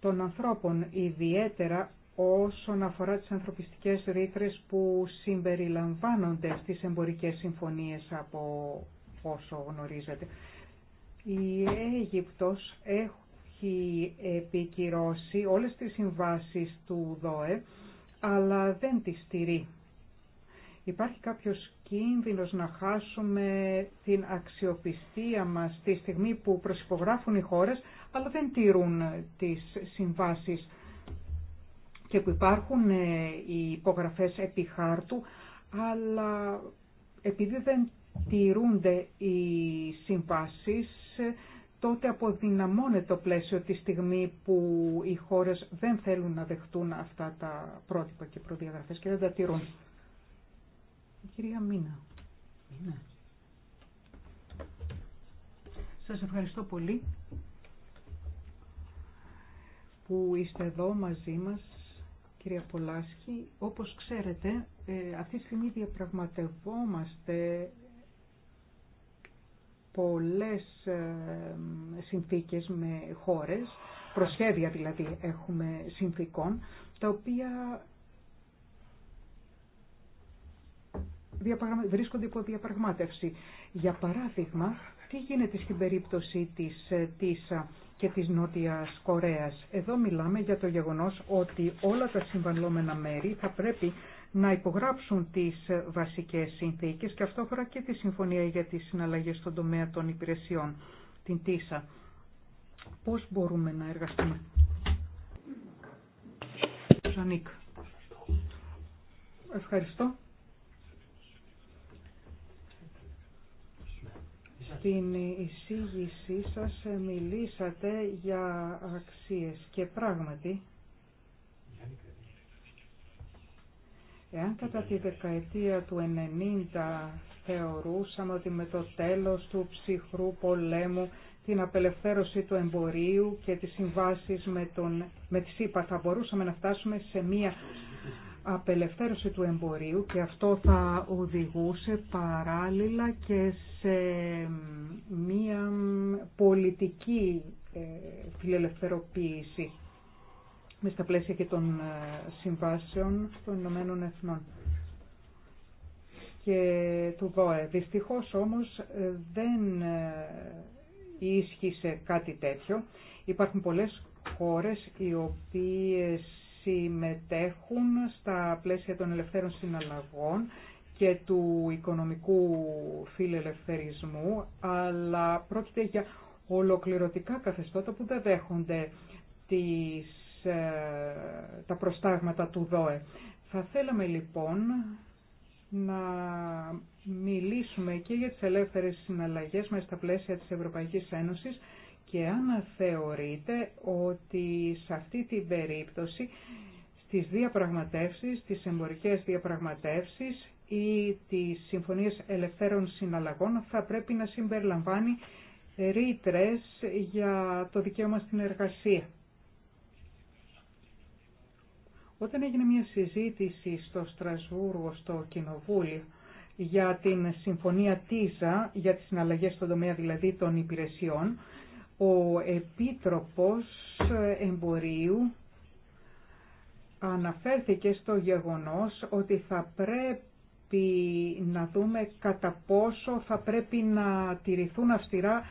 των ανθρώπων, ιδιαίτερα όσον αφορά τις ανθρωπιστικές ρήτρες που συμπεριλαμβάνονται στις εμπορικές συμφωνίες από όσο γνωρίζετε. Η Αίγυπτος έχει επικυρώσει όλες τις συμβάσεις του ΔΟΕ, αλλά δεν τις στηρεί. Υπάρχει κάποιος κίνδυνος να χάσουμε την αξιοπιστία μας τη στιγμή που προσυπογράφουν οι χώρες, αλλά δεν τηρούν τις συμβάσεις και που υπάρχουν ε, οι υπογραφές επί χάρτου, αλλά επειδή δεν τηρούνται οι συμβάσεις, ε, τότε αποδυναμώνεται το πλαίσιο τη στιγμή που οι χώρες δεν θέλουν να δεχτούν αυτά τα πρότυπα και προδιαγραφές και δεν τα τηρούν. κυρία Μίνα. Μίνα. Σας ευχαριστώ πολύ που είστε εδώ μαζί μας, κυρία Πολάσκη. Όπως ξέρετε, ε, αυτή τη στιγμή διαπραγματευόμαστε πολλές συνθήκες με χώρες, προσχέδια δηλαδή έχουμε συνθήκων, τα οποία βρίσκονται υπό διαπραγμάτευση. Για παράδειγμα, τι γίνεται στην περίπτωση της ε, ΤΙΣΑ ε, και της Νότιας Κορέας. Εδώ μιλάμε για το γεγονός ότι όλα τα συμβαλλόμενα μέρη θα πρέπει να υπογράψουν τις βασικές συνθήκες και αυτό αφορά και τη Συμφωνία για τις Συναλλαγές στον τομέα των υπηρεσιών, την ΤΙΣΑ. Πώς μπορούμε να εργαστούμε. Ζανίκ. Ευχαριστώ. Στην εισήγησή σας μιλήσατε για αξίες και πράγματι Εάν κατά τη δεκαετία του 90 θεωρούσαμε ότι με το τέλος του ψυχρού πολέμου, την απελευθέρωση του εμπορίου και τις συμβάσεις με, τον, με τη ΣΥΠΑ θα μπορούσαμε να φτάσουμε σε μία απελευθέρωση του εμπορίου και αυτό θα οδηγούσε παράλληλα και σε μία πολιτική ε, φιλελευθεροποίηση με στα πλαίσια και των ε, συμβάσεων των Ηνωμένων Εθνών και του ΒΟΕ. Δυστυχώς όμως ε, δεν ε, ίσχυσε κάτι τέτοιο. Υπάρχουν πολλές χώρες οι οποίες συμμετέχουν στα πλαίσια των ελευθέρων συναλλαγών και του οικονομικού φιλελευθερισμού, αλλά πρόκειται για ολοκληρωτικά καθεστώτα που δεν δέχονται τις ε, τα προστάγματα του ΔΟΕ. Θα θέλαμε λοιπόν να μιλήσουμε και για τις ελεύθερες συναλλαγές μέσα στα πλαίσια της Ευρωπαϊκής Ένωσης και αν θεωρείτε ότι σε αυτή την περίπτωση στις διαπραγματεύσεις, τις εμπορικές διαπραγματεύσεις ή τις συμφωνίες ελευθέρων συναλλαγών θα πρέπει να συμπεριλαμβάνει ρήτρες για το δικαίωμα στην εργασία. Όταν έγινε μια συζήτηση στο Στρασβούργο, στο Κοινοβούλιο, για την συμφωνία ΤΙΖΑ, για τις συναλλαγές στον τομέα δηλαδή των υπηρεσιών, ο Επίτροπος Εμπορίου αναφέρθηκε στο γεγονός ότι θα πρέπει να δούμε κατά πόσο θα πρέπει να τηρηθούν αυστηρά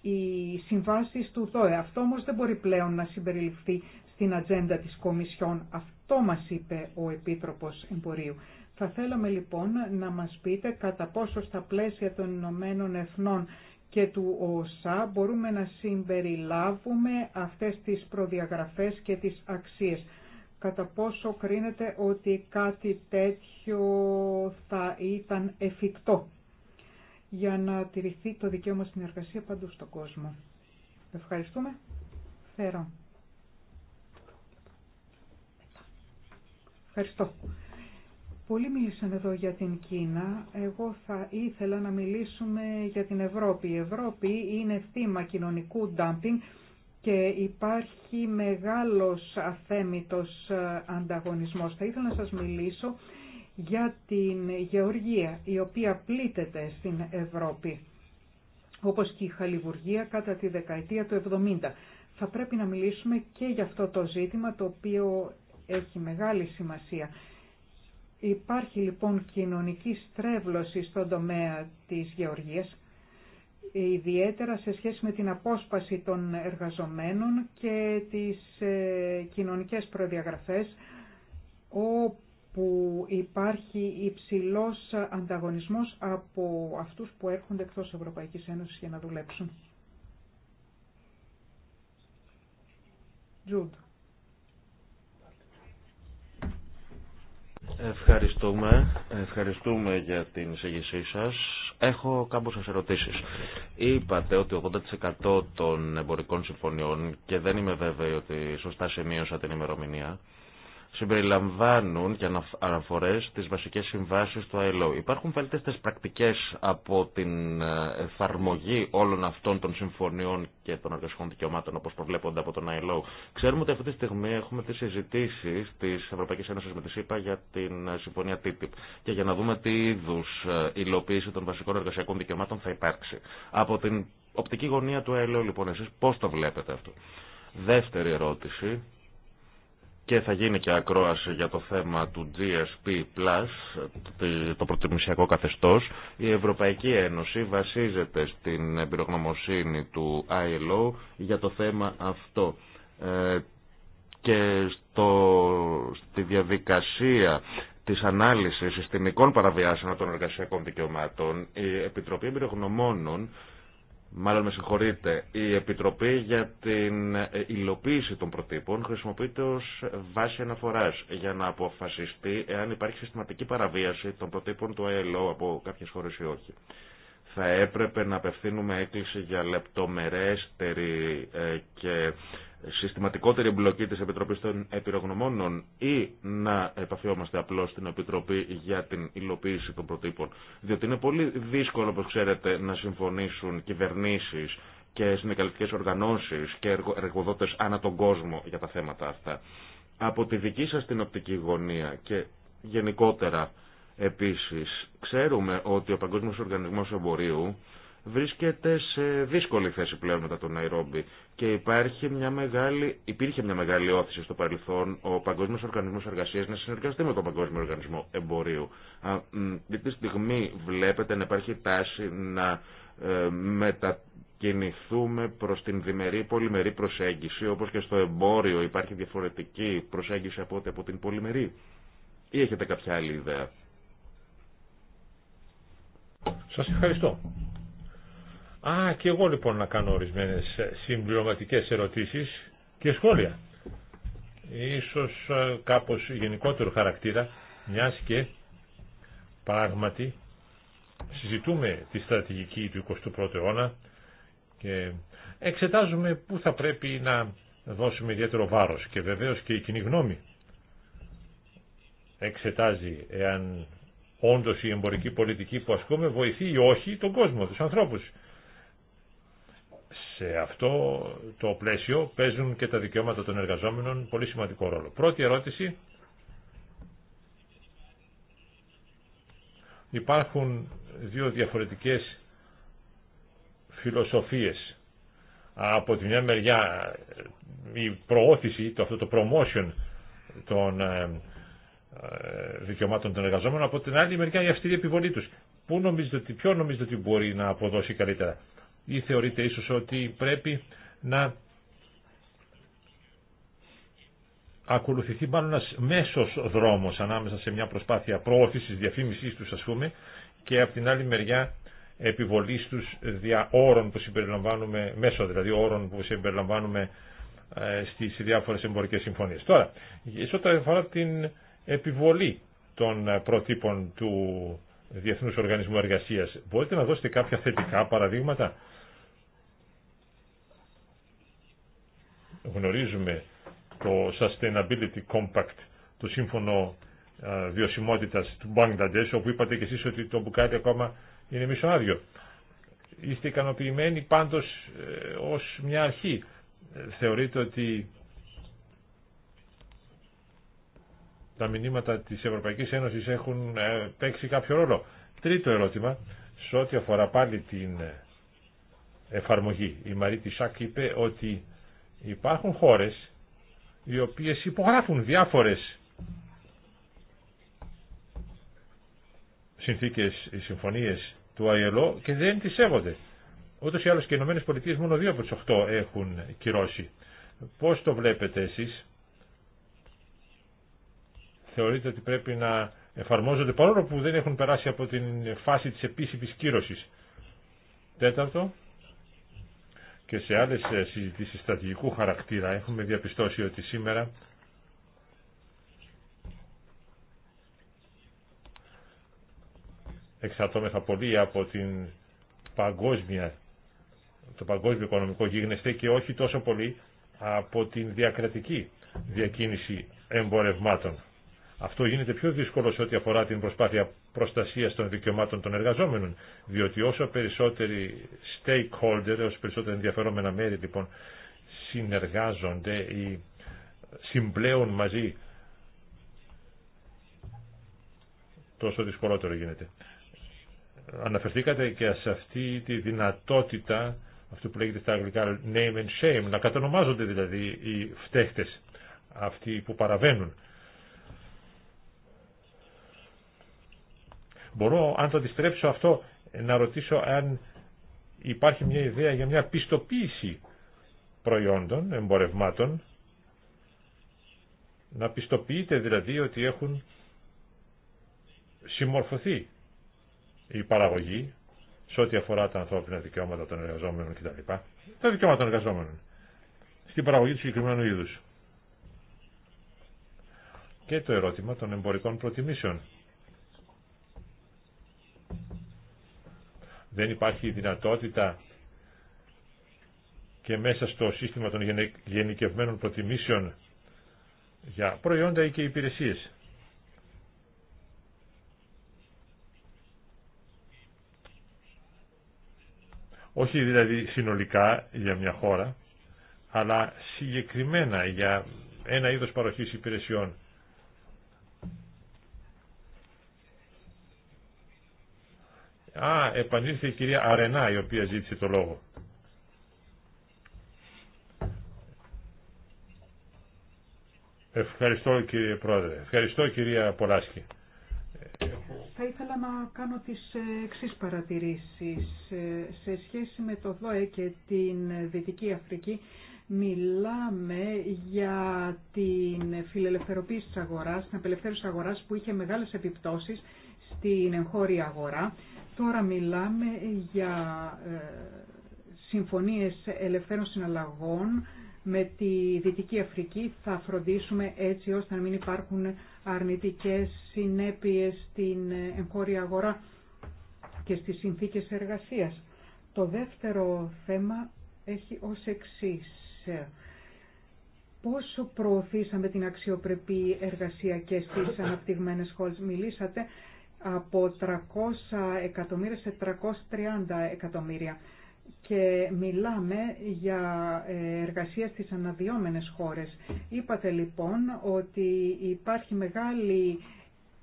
οι συμβάσεις του ΔΟΕ. Αυτό όμως δεν μπορεί πλέον να συμπεριληφθεί στην ατζέντα της Κομισιόν το μας είπε ο Επίτροπος Εμπορίου. Θα θέλαμε λοιπόν να μας πείτε κατά πόσο στα πλαίσια των Ηνωμένων Εθνών και του ΟΣΑ μπορούμε να συμπεριλάβουμε αυτές τις προδιαγραφές και τις αξίες. Κατά πόσο κρίνεται ότι κάτι τέτοιο θα ήταν εφικτό για να τηρηθεί το δικαίωμα στην εργασία παντού στον κόσμο. Ευχαριστούμε. θέρο. Ευχαριστώ. Πολλοί μίλησαν εδώ για την Κίνα. Εγώ θα ήθελα να μιλήσουμε για την Ευρώπη. Η Ευρώπη είναι θύμα κοινωνικού ντάμπινγκ και υπάρχει μεγάλος αθέμητος ε, ανταγωνισμός. Θα ήθελα να σας μιλήσω για την γεωργία, η οποία πλήττεται στην Ευρώπη, όπως και η χαλιβουργία κατά τη δεκαετία του 70. Θα πρέπει να μιλήσουμε και για αυτό το ζήτημα, το οποίο έχει μεγάλη σημασία. Υπάρχει λοιπόν κοινωνική στρέβλωση στον τομέα της γεωργίας, ιδιαίτερα σε σχέση με την απόσπαση των εργαζομένων και τις ε, κοινωνικές προδιαγραφές, όπου υπάρχει υψηλός ανταγωνισμός από αυτούς που έρχονται εκτός Ευρωπαϊκής Ένωσης για να δουλέψουν. Jude. Ευχαριστούμε. Ευχαριστούμε για την εισήγησή σας. Έχω κάποιες ερωτήσεις. Είπατε ότι 80% των εμπορικών συμφωνιών, και δεν είμαι βέβαιη ότι σωστά σημείωσα την ημερομηνία, συμπεριλαμβάνουν και αναφορέ στι βασικέ συμβάσει του ΆΕΛΟ. Υπάρχουν βέλτιστε πρακτικέ από την ε, εφαρμογή όλων αυτών των συμφωνιών και των εργασιακών δικαιωμάτων όπω προβλέπονται από τον ΆΕΛΟ. Ξέρουμε ότι αυτή τη στιγμή έχουμε τι συζητήσει τη Ευρωπαϊκή Ένωση με τη ΣΥΠΑ για την ε, συμφωνία TTIP και για να δούμε τι είδου ε, υλοποίηση των βασικών εργασιακών δικαιωμάτων θα υπάρξει. Από την οπτική γωνία του αελό, λοιπόν, εσεί πώ το βλέπετε αυτό. Δεύτερη ερώτηση και θα γίνει και ακρόαση για το θέμα του GSP+, το προτιμησιακό καθεστώς. Η Ευρωπαϊκή Ένωση βασίζεται στην εμπειρογνωμοσύνη του ILO για το θέμα αυτό. Ε, και στο, στη διαδικασία της ανάλυσης συστημικών παραβιάσεων των εργασιακών δικαιωμάτων, η Επιτροπή Εμπειρογνωμόνων μάλλον με συγχωρείτε, η Επιτροπή για την ε, υλοποίηση των προτύπων χρησιμοποιείται ως βάση αναφοράς για να αποφασιστεί εάν υπάρχει συστηματική παραβίαση των προτύπων του ΑΕΛΟ από κάποιες χώρες ή όχι. Θα έπρεπε να απευθύνουμε έκκληση για λεπτομερέστερη ε, και συστηματικότερη εμπλοκή της Επιτροπής των Επιρογνωμόνων ή να επαφιόμαστε απλώς στην Επιτροπή για την υλοποίηση των προτύπων. Διότι είναι πολύ δύσκολο, όπως ξέρετε, να συμφωνήσουν κυβερνήσεις και συνδικαλιστικές οργανώσεις και εργοδότες ανά τον κόσμο για τα θέματα αυτά. Από τη δική σας την οπτική γωνία και γενικότερα επίσης, ξέρουμε ότι ο Παγκόσμιος Οργανισμός Εμπορίου βρίσκεται σε δύσκολη θέση πλέον μετά τον Ναϊρόμπι και υπάρχει μια μεγάλη, υπήρχε μια μεγάλη όθηση στο παρελθόν ο Παγκόσμιος Οργανισμός Εργασίας να συνεργαστεί με τον Παγκόσμιο Οργανισμό Εμπορίου. Αυτή τη στιγμή βλέπετε να υπάρχει τάση να ε, μετακινηθούμε προς την διμερή πολυμερή προσέγγιση όπως και στο εμπόριο υπάρχει διαφορετική προσέγγιση από, από την πολυμερή ή έχετε κάποια άλλη ιδέα. Σας ευχαριστώ. Α, και εγώ λοιπόν να κάνω ορισμένε συμπληρωματικέ ερωτήσει και σχόλια. Ίσως ε, κάπως γενικότερο χαρακτήρα, μιας και πράγματι συζητούμε τη στρατηγική του 21ου αιώνα και εξετάζουμε πού θα πρέπει να δώσουμε ιδιαίτερο βάρος και βεβαίως και η κοινή γνώμη εξετάζει εάν όντως η εμπορική πολιτική που ασκούμε βοηθεί ή όχι τον κόσμο, τους ανθρώπους σε αυτό το πλαίσιο παίζουν και τα δικαιώματα των εργαζόμενων πολύ σημαντικό ρόλο. Πρώτη ερώτηση. Υπάρχουν δύο διαφορετικές φιλοσοφίες. Από τη μια μεριά η προώθηση, το, αυτό το promotion των ε, ε, δικαιωμάτων των εργαζόμενων, από την άλλη μεριά η αυστηρή επιβολή τους. Πού νομίζετε, ποιο νομίζετε ότι μπορεί να αποδώσει καλύτερα ή θεωρείτε ίσως ότι πρέπει να ακολουθηθεί μάλλον ένας μέσος δρόμος ανάμεσα σε μια προσπάθεια προώθησης διαφήμισης τους ας πούμε και από την άλλη μεριά επιβολής τους δια όρων που συμπεριλαμβάνουμε, μέσω δηλαδή όρων που συμπεριλαμβάνουμε ε, στις διάφορες εμπορικές συμφωνίες. Τώρα, σε ό,τι αφορά την επιβολή των προτύπων του Διεθνούς Οργανισμού Εργασίας, μπορείτε να δώσετε κάποια θετικά παραδείγματα γνωρίζουμε το Sustainability Compact, το σύμφωνο βιωσιμότητας του Bangladesh, όπου είπατε και εσείς ότι το μπουκάλι ακόμα είναι μισοάδιο. Είστε ικανοποιημένοι πάντως ε, ως μια αρχή. Ε, θεωρείτε ότι τα μηνύματα της Ευρωπαϊκής Ένωσης έχουν ε, παίξει κάποιο ρόλο. Τρίτο ερώτημα, σε ό,τι αφορά πάλι την εφαρμογή. Η Μαρίτη Σάκ είπε ότι Υπάρχουν χώρες οι οποίες υπογράφουν διάφορες συνθήκες, συμφωνίες του ΑΕΛΟ και δεν τις σέβονται. Ούτως ή άλλως και οι Ηνωμένες Πολιτείες μόνο δύο από τις οχτώ έχουν κυρώσει. Πώς το βλέπετε εσείς, θεωρείτε ότι πρέπει να εφαρμόζονται παρόλο που δεν έχουν περάσει από την φάση της επίσημης κύρωσης. Τέταρτο, και σε άλλες ε, συζητήσεις στρατηγικού χαρακτήρα έχουμε διαπιστώσει ότι σήμερα εξαρτώμεθα πολύ από την παγκόσμια, το παγκόσμιο οικονομικό γίγνεσθε και όχι τόσο πολύ από την διακρατική διακίνηση εμπορευμάτων. Αυτό γίνεται πιο δύσκολο σε ό,τι αφορά την προσπάθεια Προστασία των δικαιωμάτων των εργαζόμενων. Διότι όσο περισσότεροι stakeholder, όσο περισσότερα ενδιαφερόμενα μέρη λοιπόν συνεργάζονται ή συμπλέουν μαζί, τόσο δυσκολότερο γίνεται. Αναφερθήκατε και σε αυτή τη δυνατότητα, αυτό που λέγεται στα αγγλικά name and shame, να κατανομάζονται δηλαδή οι φταίχτες, αυτοί που παραβαίνουν. Μπορώ, αν το αντιστρέψω αυτό, να ρωτήσω αν υπάρχει μια ιδέα για μια πιστοποίηση προϊόντων, εμπορευμάτων, να πιστοποιείται δηλαδή ότι έχουν συμμορφωθεί η παραγωγή σε ό,τι αφορά τα ανθρώπινα δικαιώματα των εργαζόμενων κτλ. Τα δικαιώματα των εργαζόμενων στην παραγωγή του συγκεκριμένου είδους. Και το ερώτημα των εμπορικών προτιμήσεων. δεν υπάρχει δυνατότητα και μέσα στο σύστημα των γενικευμένων προτιμήσεων για προϊόντα ή και υπηρεσίες. Όχι δηλαδή συνολικά για μια χώρα, αλλά συγκεκριμένα για ένα είδος παροχής υπηρεσιών. Α, επανήλθε η κυρία Αρενά η οποία ζήτησε το λόγο. Ευχαριστώ κύριε Πρόεδρε. Ευχαριστώ κυρία Πολάσκη. Θα ήθελα να κάνω τις ε, εξή παρατηρήσεις. Σε σχέση με το ΔΟΕ και την Δυτική Αφρική, μιλάμε για την φιλελευθερωποίηση της αγοράς, την απελευθέρωση αγοράς που είχε μεγάλες επιπτώσεις στην εγχώρια αγορά Τώρα μιλάμε για ε, συμφωνίες ελευθέρων συναλλαγών με τη Δυτική Αφρική. Θα φροντίσουμε έτσι ώστε να μην υπάρχουν αρνητικές συνέπειες στην εγχώρια αγορά και στις συνθήκες εργασίας. Το δεύτερο θέμα έχει ως εξής. Πόσο προωθήσαμε την αξιοπρεπή εργασία και στις αναπτυγμένες χώρες. Μιλήσατε από 300 εκατομμύρια σε 330 εκατομμύρια και μιλάμε για ε, εργασία στις αναδυόμενες χώρες. Είπατε λοιπόν ότι υπάρχει μεγάλη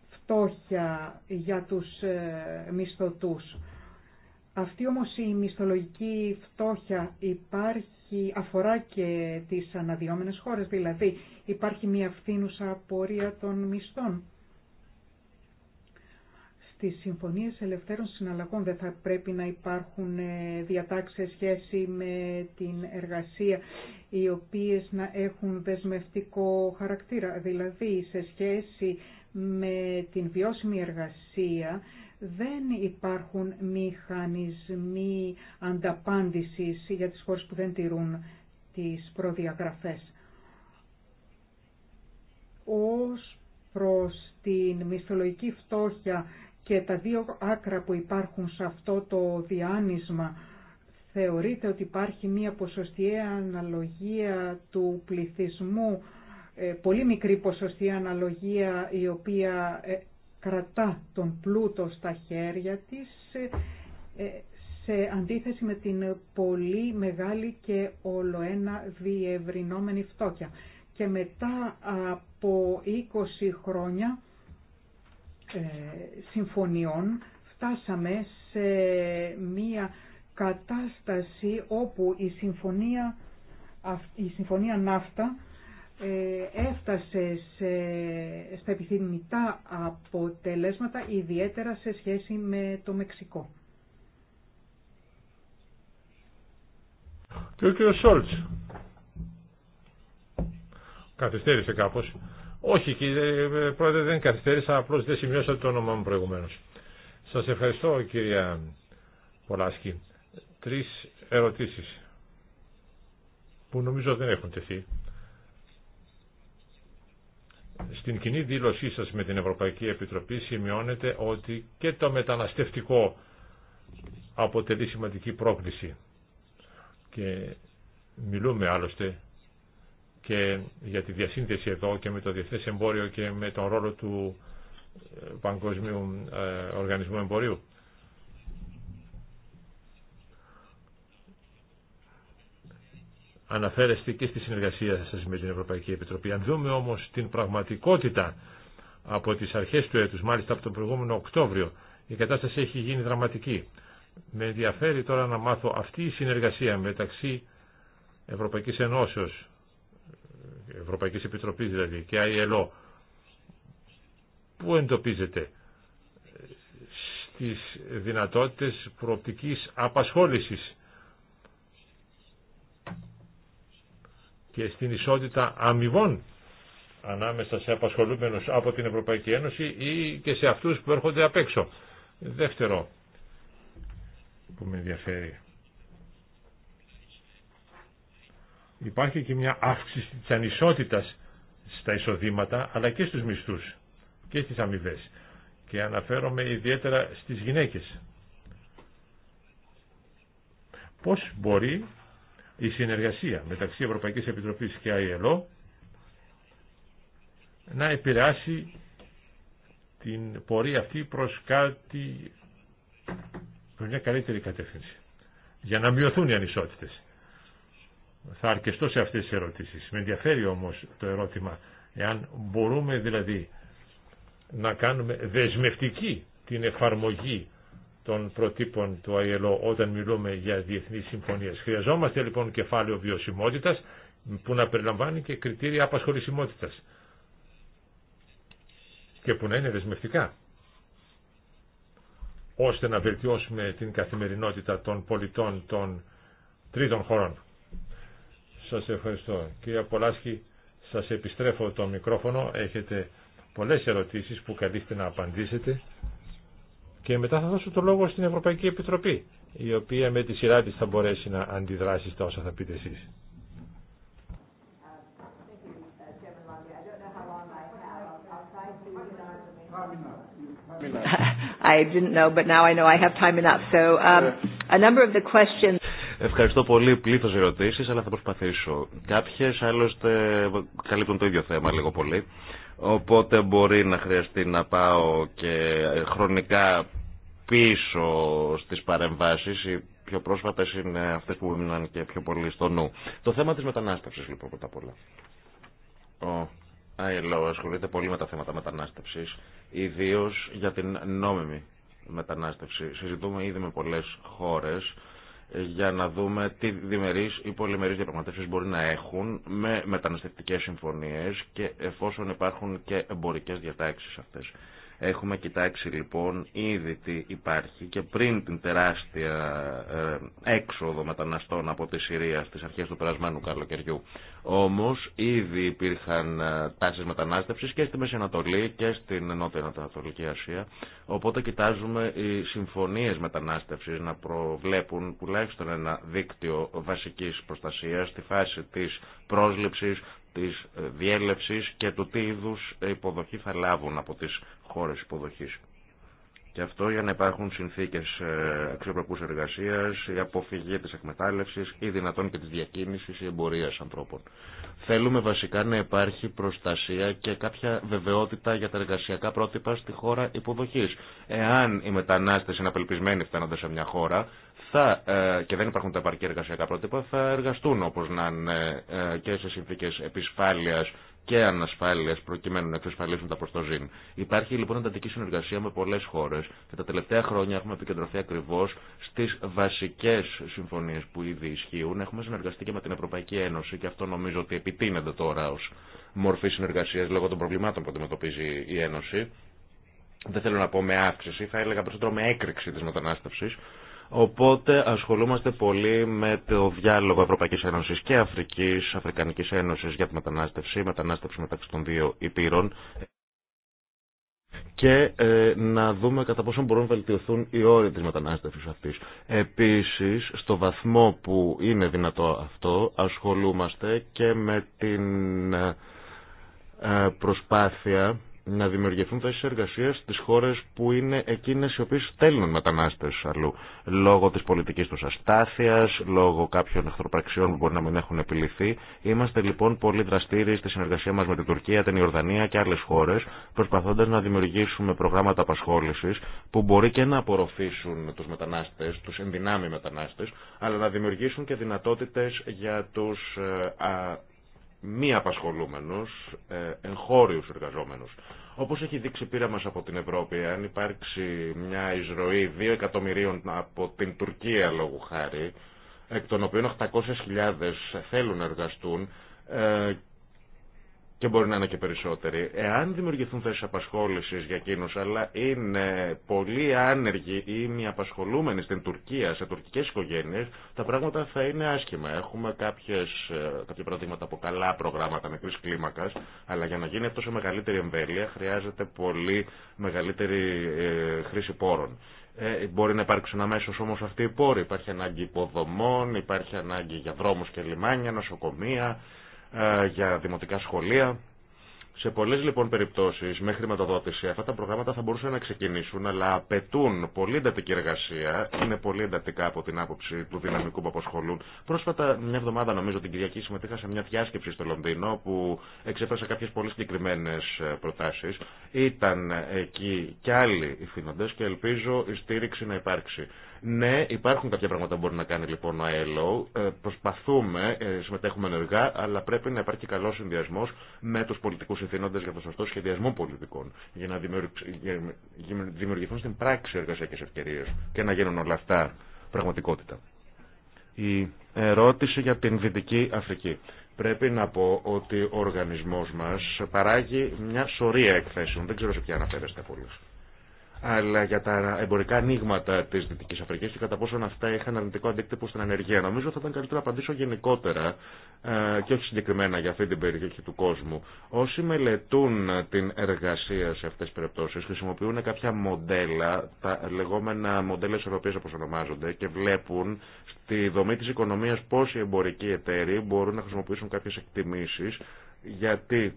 φτώχεια για τους ε, μισθωτούς. Αυτή όμως η μισθολογική φτώχεια υπάρχει, αφορά και τις αναδυόμενες χώρες, δηλαδή υπάρχει μια φθήνουσα απορία των μισθών στις συμφωνίες ελευθέρων συναλλαγών δεν θα πρέπει να υπάρχουν ε, διατάξεις σε σχέση με την εργασία οι οποίες να έχουν δεσμευτικό χαρακτήρα. Δηλαδή σε σχέση με την βιώσιμη εργασία δεν υπάρχουν μηχανισμοί ανταπάντησης για τις χώρες που δεν τηρούν τις προδιαγραφές. Ως προς την μισθολογική φτώχεια και τα δύο άκρα που υπάρχουν σε αυτό το διάνυσμα θεωρείται ότι υπάρχει μία ποσοστιαία αναλογία του πληθυσμού, ε, πολύ μικρή ποσοστιαία αναλογία η οποία ε, κρατά τον πλούτο στα χέρια της ε, σε αντίθεση με την πολύ μεγάλη και ολοένα διευρυνόμενη φτώχεια. Και μετά από 20 χρόνια ε, συμφωνιών φτάσαμε σε μία κατάσταση όπου η συμφωνία, η συμφωνία ναύτα ε, έφτασε σε, στα επιθυμητά αποτελέσματα, ιδιαίτερα σε σχέση με το Μεξικό. Και ο κύριος Σόλτς καθυστέρησε κάπως όχι κύριε ε, ε, Πρόεδρε δεν καθυστέρησα, απλώς δεν σημειώσα το όνομά μου προηγουμένως. Σας ευχαριστώ κυρία Πολάσκη. Τρεις ερωτήσεις που νομίζω δεν έχουν τεθεί. Στην κοινή δήλωσή σας με την Ευρωπαϊκή Επιτροπή σημειώνεται ότι και το μεταναστευτικό αποτελεί σημαντική πρόκληση. Και μιλούμε άλλωστε και για τη διασύνδεση εδώ και με το διεθνές εμπόριο και με τον ρόλο του ε, Παγκοσμίου ε, Οργανισμού Εμπορίου. Αναφέρεστε και στη συνεργασία σας με την Ευρωπαϊκή Επιτροπή. Αν δούμε όμως την πραγματικότητα από τις αρχές του έτους, μάλιστα από τον προηγούμενο Οκτώβριο, η κατάσταση έχει γίνει δραματική. Με ενδιαφέρει τώρα να μάθω αυτή η συνεργασία μεταξύ Ευρωπαϊκής Ενώσεως Ευρωπαϊκής Επιτροπής δηλαδή και ILO που εντοπίζεται στις δυνατότητες προοπτικής απασχόλησης και στην ισότητα αμοιβών ανάμεσα σε απασχολούμενους από την Ευρωπαϊκή Ένωση ή και σε αυτούς που έρχονται απ' έξω. Δεύτερο που με ενδιαφέρει υπάρχει και μια αύξηση της ανισότητας στα εισοδήματα αλλά και στους μισθούς και στις αμοιβέ. Και αναφέρομαι ιδιαίτερα στις γυναίκες. Πώς μπορεί η συνεργασία μεταξύ Ευρωπαϊκής Επιτροπής και ΑΕΛΟ να επηρεάσει την πορεία αυτή προς κάτι προς μια καλύτερη κατεύθυνση για να μειωθούν οι ανισότητες. Θα αρκεστώ σε αυτές τις ερωτήσεις. Με ενδιαφέρει όμως το ερώτημα εάν μπορούμε δηλαδή να κάνουμε δεσμευτική την εφαρμογή των προτύπων του ΑΕΛΟ όταν μιλούμε για διεθνείς συμφωνίες. Χρειαζόμαστε λοιπόν κεφάλαιο βιωσιμότητας που να περιλαμβάνει και κριτήρια απασχολησιμότητας και που να είναι δεσμευτικά ώστε να βελτιώσουμε την καθημερινότητα των πολιτών των τρίτων χωρών. Σας ευχαριστώ. Κυρία Πολάσκη, σας επιστρέφω το μικρόφωνο. Έχετε πολλές ερωτήσεις που καλείστε να απαντήσετε. Και μετά θα δώσω το λόγο στην Ευρωπαϊκή Επιτροπή, η οποία με τη σειρά της θα μπορέσει να αντιδράσει στα όσα θα πείτε εσείς. (laughs) I didn't know, but now I know I have time enough. So um, a number of the questions Ευχαριστώ πολύ. Πλήθο ερωτήσει, αλλά θα προσπαθήσω. Κάποιε άλλωστε καλύπτουν το ίδιο θέμα λίγο πολύ. Οπότε μπορεί να χρειαστεί να πάω και χρονικά πίσω στις παρεμβάσει. Οι πιο πρόσφατε είναι αυτές που μείναν και πιο πολύ στο νου. Το θέμα της μετανάστευση, λοιπόν πρώτα απ' όλα. Ο ΑΕΛΟ ασχολείται πολύ με τα θέματα μετανάστευση, ιδίω για την νόμιμη μετανάστευση. Συζητούμε ήδη με πολλέ χώρε για να δούμε τι διμερείς ή πολυμερείς διαπραγματεύσεις μπορεί να έχουν με μεταναστευτικές συμφωνίες και εφόσον υπάρχουν και εμπορικές διατάξεις αυτές. Έχουμε κοιτάξει λοιπόν ήδη τι υπάρχει και πριν την τεράστια ε, έξοδο μεταναστών από τη Συρία στις αρχές του περασμένου καλοκαιριού. Όμως ήδη υπήρχαν ε, τάσεις μετανάστευσης και στη Μέση Ανατολή και στην Νότια Ανατολική Ασία. Οπότε κοιτάζουμε οι συμφωνίες μετανάστευσης να προβλέπουν τουλάχιστον ένα δίκτυο βασικής προστασίας στη φάση της πρόσληψης, της ε, διέλευσης και του τι είδου υποδοχή θα λάβουν από τις χώρες υποδοχής. Και αυτό για να υπάρχουν συνθήκες ε, αξιοπρεπούς εργασίας, η αποφυγή της εκμετάλλευσης ή δυνατόν και της διακίνησης ή εμπορίας ανθρώπων. Θέλουμε βασικά να υπάρχει προστασία και κάποια βεβαιότητα για τα εργασιακά πρότυπα στη χώρα υποδοχής. Εάν οι μετανάστες είναι απελπισμένοι φτάνοντας σε μια χώρα, θα, ε, και δεν υπάρχουν τα επαρκή εργασιακά πρότυπα, θα εργαστούν όπως να είναι ε, και σε συνθήκες επισφάλειας και ανασφάλειας προκειμένου να εξασφαλίσουν τα προστοζήν. Υπάρχει λοιπόν εντατική συνεργασία με πολλές χώρες και τα τελευταία χρόνια έχουμε επικεντρωθεί ακριβώς στις βασικές συμφωνίες που ήδη ισχύουν. Έχουμε συνεργαστεί και με την Ευρωπαϊκή Ένωση και αυτό νομίζω ότι επιτείνεται τώρα ως μορφή συνεργασία λόγω των προβλημάτων που αντιμετωπίζει η Ένωση δεν θέλω να πω με αύξηση, θα έλεγα περισσότερο με έκρηξη της μετανάστευσης, Οπότε ασχολούμαστε πολύ με το διάλογο Ευρωπαϊκή Ένωση και Αφρική, Αφρικανική Ένωση για τη μετανάστευση, μετανάστευση μεταξύ των δύο υπήρων και ε, να δούμε κατά πόσο μπορούν να βελτιωθούν οι όροι της μετανάστευσης αυτής. Επίσης, στο βαθμό που είναι δυνατό αυτό, ασχολούμαστε και με την ε, ε, προσπάθεια να δημιουργηθούν θέσει εργασία στι χώρε που είναι εκείνε οι οποίε στέλνουν μετανάστε αλλού. Λόγω τη πολιτική του αστάθεια, λόγω κάποιων εχθροπραξιών που μπορεί να μην έχουν επιληθεί. Είμαστε λοιπόν πολύ δραστήριοι στη συνεργασία μα με την Τουρκία, την Ιορδανία και άλλε χώρε, προσπαθώντα να δημιουργήσουμε προγράμματα απασχόληση που μπορεί και να απορροφήσουν του μετανάστε, του ενδυνάμει μετανάστε, αλλά να δημιουργήσουν και δυνατότητε για του ε, μη απασχολούμενους, ε, εγχώριους εργαζόμενους. Όπως έχει δείξει πείρα μας από την Ευρώπη, αν υπάρξει μια εισρωή 2 εκατομμυρίων από την Τουρκία λόγου χάρη, εκ των οποίων 800.000 θέλουν να εργαστούν ε, και μπορεί να είναι και περισσότεροι, εάν δημιουργηθούν θέσει απασχόληση για εκείνου, αλλά είναι πολύ άνεργοι ή μη απασχολούμενοι στην Τουρκία, σε τουρκικέ οικογένειε, τα πράγματα θα είναι άσχημα. Έχουμε κάποιες, ε, κάποια παραδείγματα από καλά προγράμματα μικρή κλίμακα, αλλά για να γίνει αυτό σε μεγαλύτερη εμβέλεια χρειάζεται πολύ μεγαλύτερη ε, χρήση πόρων. Ε, μπορεί να υπάρξουν αμέσω όμω αυτοί οι πόροι. Υπάρχει ανάγκη υποδομών, υπάρχει ανάγκη για δρόμου και λιμάνια, νοσοκομεία. Ε, για δημοτικά σχολεία. Σε πολλέ λοιπόν περιπτώσει με χρηματοδότηση αυτά τα προγράμματα θα μπορούσαν να ξεκινήσουν, αλλά απαιτούν πολύ εντατική εργασία, είναι πολύ εντατικά από την άποψη του δυναμικού που αποσχολούν. Πρόσφατα, μια εβδομάδα νομίζω την Κυριακή, συμμετείχα σε μια διάσκεψη στο Λονδίνο που εξέφρασα κάποιε πολύ συγκεκριμένε ε, προτάσει. Ήταν εκεί κι άλλοι ηθήνοντε και ελπίζω η στήριξη να υπάρξει. Ναι, υπάρχουν κάποια πράγματα που μπορεί να κάνει λοιπόν ο ΑΕΛΟ. προσπαθούμε, ε, συμμετέχουμε ενεργά, αλλά πρέπει να υπάρχει καλό συνδυασμό με του πολιτικού ευθύνοντε για το σωστό σχεδιασμό πολιτικών. Για να δημιουργηθούν στην πράξη εργασιακέ ευκαιρίε και να γίνουν όλα αυτά πραγματικότητα. Η ερώτηση για την Δυτική Αφρική. Πρέπει να πω ότι ο οργανισμός μας παράγει μια σωρία εκθέσεων. Δεν ξέρω σε ποια αναφέρεστε πολλούς αλλά για τα εμπορικά ανοίγματα τη Δυτική Αφρική και κατά πόσο αυτά είχαν αρνητικό αντίκτυπο στην ανεργία. Νομίζω θα ήταν καλύτερο να απαντήσω γενικότερα ε, και όχι συγκεκριμένα για αυτή την περιοχή του κόσμου. Όσοι μελετούν την εργασία σε αυτέ τι περιπτώσει χρησιμοποιούν κάποια μοντέλα, τα λεγόμενα μοντέλα τη Ευρωπαϊκή όπω ονομάζονται, και βλέπουν στη δομή τη οικονομία πώ οι εμπορικοί εταίροι μπορούν να χρησιμοποιήσουν κάποιε εκτιμήσει γιατί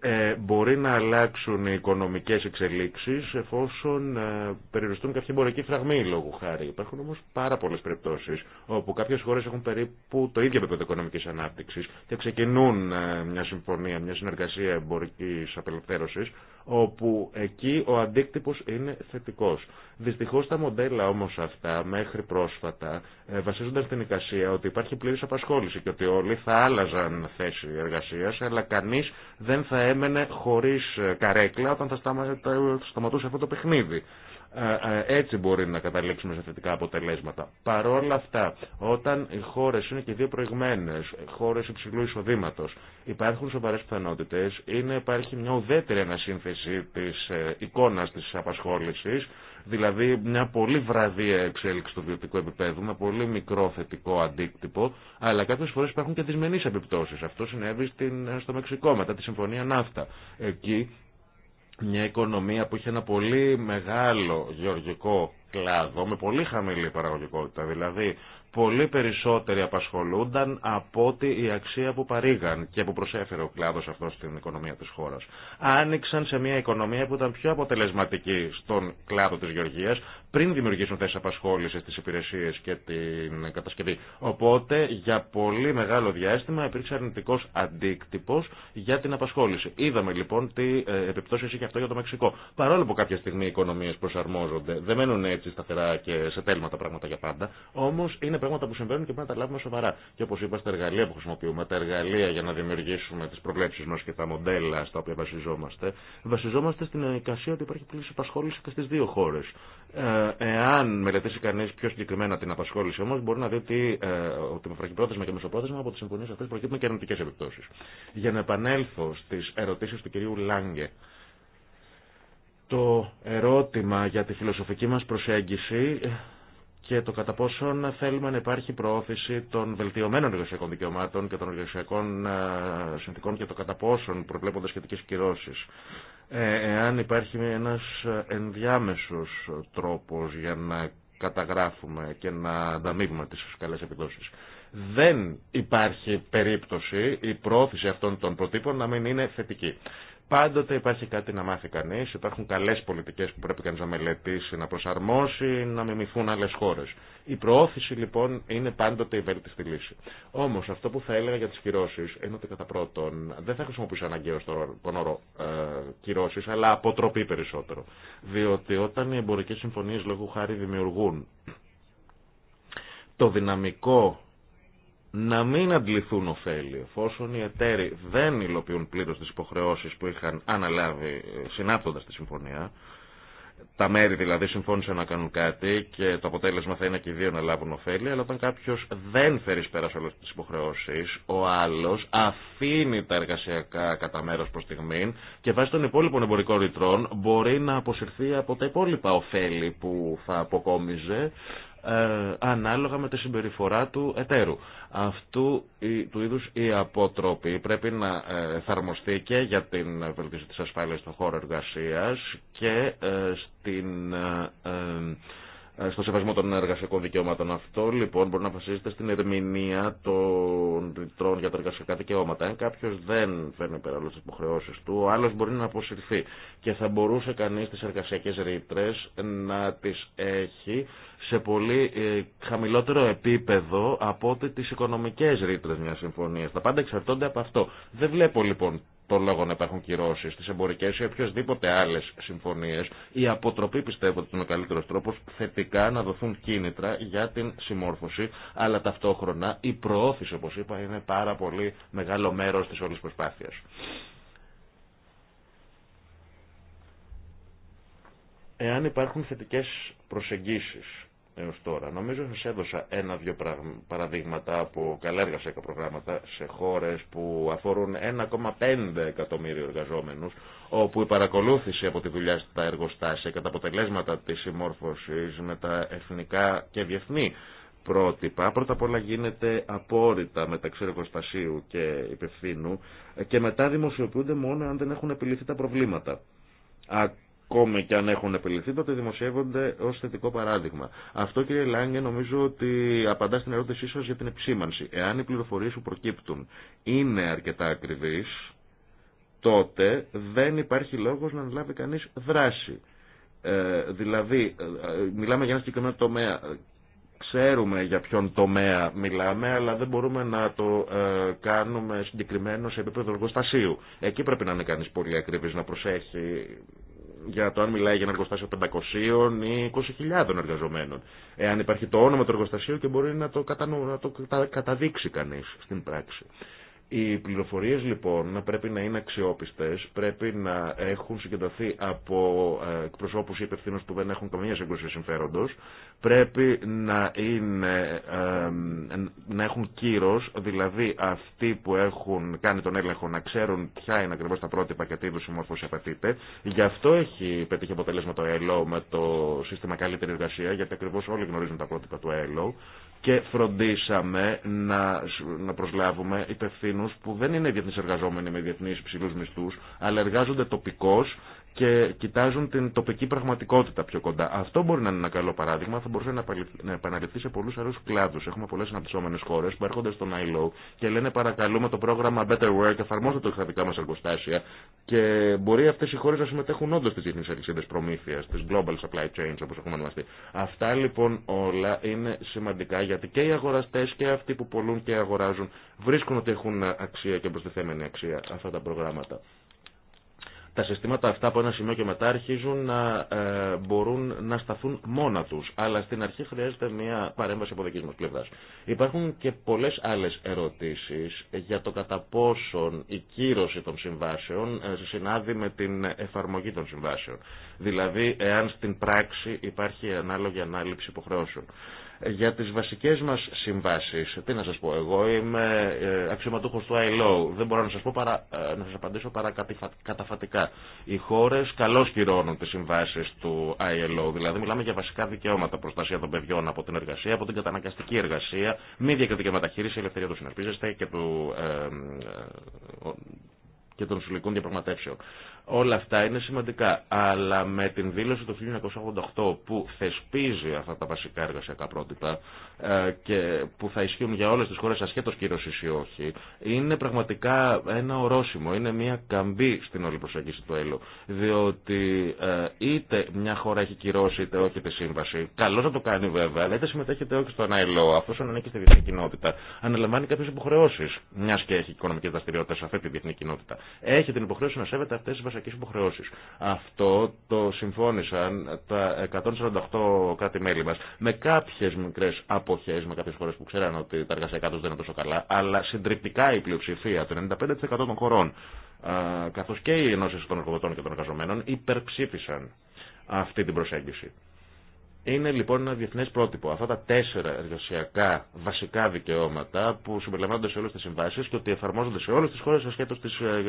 ε, μπορεί να αλλάξουν οι οικονομικές εξελίξεις εφόσον ε, περιοριστούν κάποιοι εμπορικοί φραγμοί λόγου χάρη. Υπάρχουν όμως πάρα πολλές περιπτώσεις όπου κάποιες χώρες έχουν περίπου το ίδιο επίπεδο οικονομικής ανάπτυξης και ξεκινούν ε, μια συμφωνία, μια συνεργασία εμπορικής απελευθέρωσης όπου εκεί ο αντίκτυπος είναι θετικός. Δυστυχώ τα μοντέλα όμω αυτά μέχρι πρόσφατα ε, βασίζονται στην εικασία ότι υπάρχει πλήρη απασχόληση και ότι όλοι θα άλλαζαν θέση εργασία, αλλά κανεί δεν θα έμενε χωρί ε, καρέκλα όταν θα σταματούσε αυτό το παιχνίδι. Ε, έτσι μπορεί να καταλήξουμε σε θετικά αποτελέσματα. Παρόλα αυτά, όταν οι χώρε είναι και δύο προηγμένε, χώρε υψηλού εισοδήματο, υπάρχουν σοβαρέ πιθανότητε, υπάρχει μια ουδέτερη ανασύνθεση τη εικόνα τη απασχόληση δηλαδή μια πολύ βραδία εξέλιξη του βιωτικού επίπεδου με πολύ μικρό θετικό αντίκτυπο, αλλά κάποιε φορέ υπάρχουν και δυσμενεί επιπτώσει. Αυτό συνέβη στην, στο Μεξικό μετά τη Συμφωνία Ναύτα. Εκεί μια οικονομία που είχε ένα πολύ μεγάλο γεωργικό κλάδο με πολύ χαμηλή παραγωγικότητα. Δηλαδή πολύ περισσότεροι απασχολούνταν από ότι η αξία που παρήγαν και που προσέφερε ο κλάδος αυτό στην οικονομία της χώρας. Άνοιξαν σε μια οικονομία που ήταν πιο αποτελεσματική στον κλάδο της γεωργίας, πριν δημιουργήσουν θέσει απασχόληση στι υπηρεσίε και την κατασκευή. Οπότε για πολύ μεγάλο διάστημα υπήρξε αρνητικό αντίκτυπο για την απασχόληση. Είδαμε λοιπόν τι ε, επιπτώσει είχε αυτό για το Μεξικό. Παρόλο που κάποια στιγμή οι οικονομίε προσαρμόζονται, δεν μένουν έτσι σταθερά και σε τέλμα τα πράγματα για πάντα, όμω είναι πράγματα που συμβαίνουν και πρέπει να τα λάβουμε σοβαρά. Και όπω είπα, στα εργαλεία που χρησιμοποιούμε, τα εργαλεία για να δημιουργήσουμε τι προβλέψει μα και τα μοντέλα στα οποία βασιζόμαστε, βασιζόμαστε στην ενοικασία ότι υπάρχει πλήρη απασχόληση και στι δύο χώρε. Ε, εάν μελετήσει κανεί πιο συγκεκριμένα την απασχόληση όμω, μπορεί να δει ότι, ε, ότι με και μεσοπρόθεσμα από τι συμφωνίε αυτέ προκύπτουν και αρνητικέ επιπτώσει. Για να επανέλθω στι ερωτήσει του κυρίου Λάγκε. Το ερώτημα για τη φιλοσοφική μα προσέγγιση και το κατά πόσον θέλουμε να υπάρχει προώθηση των βελτιωμένων εργασιακών δικαιωμάτων και των εργασιακών ε, συνθήκων και το κατά πόσον προβλέπονται σχετικέ κυρώσει. Ε, εάν υπάρχει ένας ενδιάμεσος τρόπος για να καταγράφουμε και να ανταμείβουμε τις καλές επιδόσεις. Δεν υπάρχει περίπτωση η πρόθεση αυτών των προτύπων να μην είναι θετική. Πάντοτε υπάρχει κάτι να μάθει κανεί, υπάρχουν καλέ πολιτικέ που πρέπει κανεί να μελετήσει, να προσαρμόσει, να μιμηθούν άλλε χώρε. Η προώθηση λοιπόν είναι πάντοτε η βέλτιστη λύση. Όμω αυτό που θα έλεγα για τι κυρώσει είναι ότι κατά πρώτον δεν θα χρησιμοποιήσω αναγκαίο τον όρο ε, κυρώσει, αλλά αποτροπή περισσότερο. Διότι όταν οι εμπορικέ συμφωνίε λόγω χάρη δημιουργούν το δυναμικό να μην αντληθούν ωφέλη εφόσον οι εταίροι δεν υλοποιούν πλήρω τι υποχρεώσει που είχαν αναλάβει ε, συνάπτοντα τη συμφωνία τα μέρη δηλαδή συμφώνησαν να κάνουν κάτι και το αποτέλεσμα θα είναι και οι δύο να λάβουν ωφέλη, αλλά όταν κάποιο δεν φέρει πέρα όλε τι υποχρεώσει, ο άλλο αφήνει τα εργασιακά κατά μέρο προ στιγμή και βάσει των υπόλοιπων εμπορικών ρητρών μπορεί να αποσυρθεί από τα υπόλοιπα ωφέλη που θα αποκόμιζε ε, ανάλογα με τη συμπεριφορά του εταίρου. Αυτού του είδους η αποτροπή πρέπει να ε, εφαρμοστεί και για την βελτίωση της ασφάλειας στον χώρο εργασίας και ε, στην στο σεβασμό των εργασιακών δικαιωμάτων. Αυτό λοιπόν μπορεί να βασίζεται στην ερμηνεία των ρητρών για τα εργασιακά δικαιώματα. Αν κάποιο δεν φέρνει πέρα όλε υποχρεώσει του, ο άλλο μπορεί να αποσυρθεί. Και θα μπορούσε κανεί τι εργασιακέ ρήτρε να τι έχει σε πολύ ε, χαμηλότερο επίπεδο από ότι τις οικονομικές ρήτρες μιας συμφωνίας. Τα πάντα εξαρτώνται από αυτό. Δεν βλέπω λοιπόν το λόγο να υπάρχουν κυρώσει στι εμπορικέ ή οποιασδήποτε άλλε συμφωνίε. Η αποτροπή πιστεύω ότι είναι ο καλύτερο τρόπο θετικά να δοθούν κίνητρα για την συμμόρφωση, αλλά ταυτόχρονα η προώθηση, όπω είπα, είναι πάρα πολύ μεγάλο μέρο τη όλη προσπάθεια. Εάν υπάρχουν θετικές προσεγγίσεις έω τώρα. Νομίζω σα έδωσα ένα-δυο παραδείγματα από καλά εργασιακά προγράμματα σε χώρες που αφορούν 1,5 εκατομμύριο εργαζόμενου, όπου η παρακολούθηση από τη δουλειά στα εργοστάσια και τα αποτελέσματα της συμμόρφωση με τα εθνικά και διεθνή πρότυπα. Πρώτα απ' όλα γίνεται απόρριτα μεταξύ εργοστασίου και υπευθύνου και μετά δημοσιοποιούνται μόνο αν δεν έχουν επιληθεί τα προβλήματα ακόμη και αν έχουν επιληθεί, τότε δημοσιεύονται ω θετικό παράδειγμα. Αυτό, κύριε Λάγκε, νομίζω ότι απαντά στην ερώτησή σα για την επισήμανση. Εάν οι πληροφορίε που προκύπτουν είναι αρκετά ακριβεί, τότε δεν υπάρχει λόγο να λάβει κανεί δράση. Ε, δηλαδή, ε, μιλάμε για ένα συγκεκριμένο τομέα. Ξέρουμε για ποιον τομέα μιλάμε, αλλά δεν μπορούμε να το ε, κάνουμε συγκεκριμένο σε επίπεδο εργοστασίου. Εκεί πρέπει να είναι κανεί πολύ ακριβή, να προσέχει για το αν μιλάει για ένα εργοστάσιο 500 ή 20.000 εργαζομένων. Εάν υπάρχει το όνομα του εργοστασίου και μπορεί να το, κατανο... να το καταδείξει κανείς στην πράξη. Οι πληροφορίες λοιπόν πρέπει να είναι αξιόπιστες, πρέπει να έχουν συγκεντρωθεί από ε, εκπροσώπους ή υπευθύνους που δεν έχουν καμία σύγκρουση συμφέροντος, πρέπει να, είναι, να έχουν κύρος, δηλαδή αυτοί που έχουν κάνει τον έλεγχο να ξέρουν ποια είναι ακριβώς τα πρότυπα και τι είδους συμμόρφωση απαιτείται. Γι' αυτό έχει πετύχει αποτέλεσμα το ΕΛΟ με το σύστημα καλύτερη εργασία, γιατί ακριβώς όλοι γνωρίζουν τα πρότυπα του ΕΛΟ και φροντίσαμε να, να προσλάβουμε υπευθύνου που δεν είναι διεθνεί εργαζόμενοι με διεθνεί υψηλού μισθού, αλλά εργάζονται τοπικώ και κοιτάζουν την τοπική πραγματικότητα πιο κοντά. Αυτό μπορεί να είναι ένα καλό παράδειγμα, θα μπορούσε να επαναληφθεί σε πολλού άλλου κλάδου. Έχουμε πολλέ αναπτυσσόμενε χώρε που έρχονται στον ILO και λένε παρακαλούμε το πρόγραμμα Better Work, εφαρμόστε το στα μα εργοστάσια και μπορεί αυτέ οι χώρε να συμμετέχουν όντω στι διεθνεί αλυσίδε προμήθεια, στι global supply chains όπω έχουμε ονομαστεί. Αυτά λοιπόν όλα είναι σημαντικά γιατί και οι αγοραστέ και αυτοί που πολλούν και αγοράζουν βρίσκουν ότι έχουν αξία και προστιθέμενη αξία αυτά τα προγράμματα τα συστήματα αυτά από ένα σημείο και μετά αρχίζουν να ε, μπορούν να σταθούν μόνα του. Αλλά στην αρχή χρειάζεται μια παρέμβαση από δική μα πλευρά. Υπάρχουν και πολλέ άλλε ερωτήσει για το κατά πόσον η κύρωση των συμβάσεων ε, συνάδει με την εφαρμογή των συμβάσεων. Δηλαδή, εάν στην πράξη υπάρχει ανάλογη ανάληψη υποχρεώσεων. Για τις βασικές μας συμβάσεις, τι να σας πω, εγώ είμαι ε, αξιωματούχος του ILO, δεν μπορώ να σας, πω παρα, ε, να σας απαντήσω παρά καταφατικά. Οι χώρες καλώς κυρώνουν τις συμβάσεις του ILO, δηλαδή μιλάμε για βασικά δικαιώματα, προστασία των παιδιών από την εργασία, από την καταναγκαστική εργασία, μη διακριτική μεταχείριση, ελευθερία του συνασπίζεστε και του, ε, και των συλλογικών διαπραγματεύσεων. Όλα αυτά είναι σημαντικά, αλλά με την δήλωση του 1988 που θεσπίζει αυτά τα βασικά εργασιακά πρότυπα, ε, και που θα ισχύουν για όλες τις χώρες ασχέτως κύρωσης ή όχι, είναι πραγματικά ένα ορόσημο, είναι μια καμπή στην όλη προσέγγιση του έλου. Διότι ε, είτε μια χώρα έχει κυρώσει είτε όχι τη σύμβαση, καλό να το κάνει βέβαια, αλλά είτε συμμετέχετε είτε όχι στον ΕΛΟ, αφού ανήκει στη διεθνή κοινότητα, αναλαμβάνει κάποιες υποχρεώσεις, μια και έχει οικονομικές δραστηριότητε σε αυτή τη διεθνή κοινότητα. Έχει την υποχρέωση να σέβεται αυτές τις βασικές υποχρεώσεις. Αυτό το συμφώνησαν τα 148 κρατη μέλη μας με κάποιες μικρές εποχέ, με κάποιε χώρε που ξέραν ότι τα εργασιακά του δεν είναι τόσο καλά, αλλά συντριπτικά η πλειοψηφία, το 95% των χωρών, καθώ και οι ενώσει των εργοδοτών και των εργαζομένων, υπερψήφισαν αυτή την προσέγγιση. Είναι λοιπόν ένα διεθνέ πρότυπο. Αυτά τα τέσσερα εργασιακά βασικά δικαιώματα που συμπεριλαμβάνονται σε όλε τι συμβάσει και ότι εφαρμόζονται σε όλε τι χώρε ασχέτω τη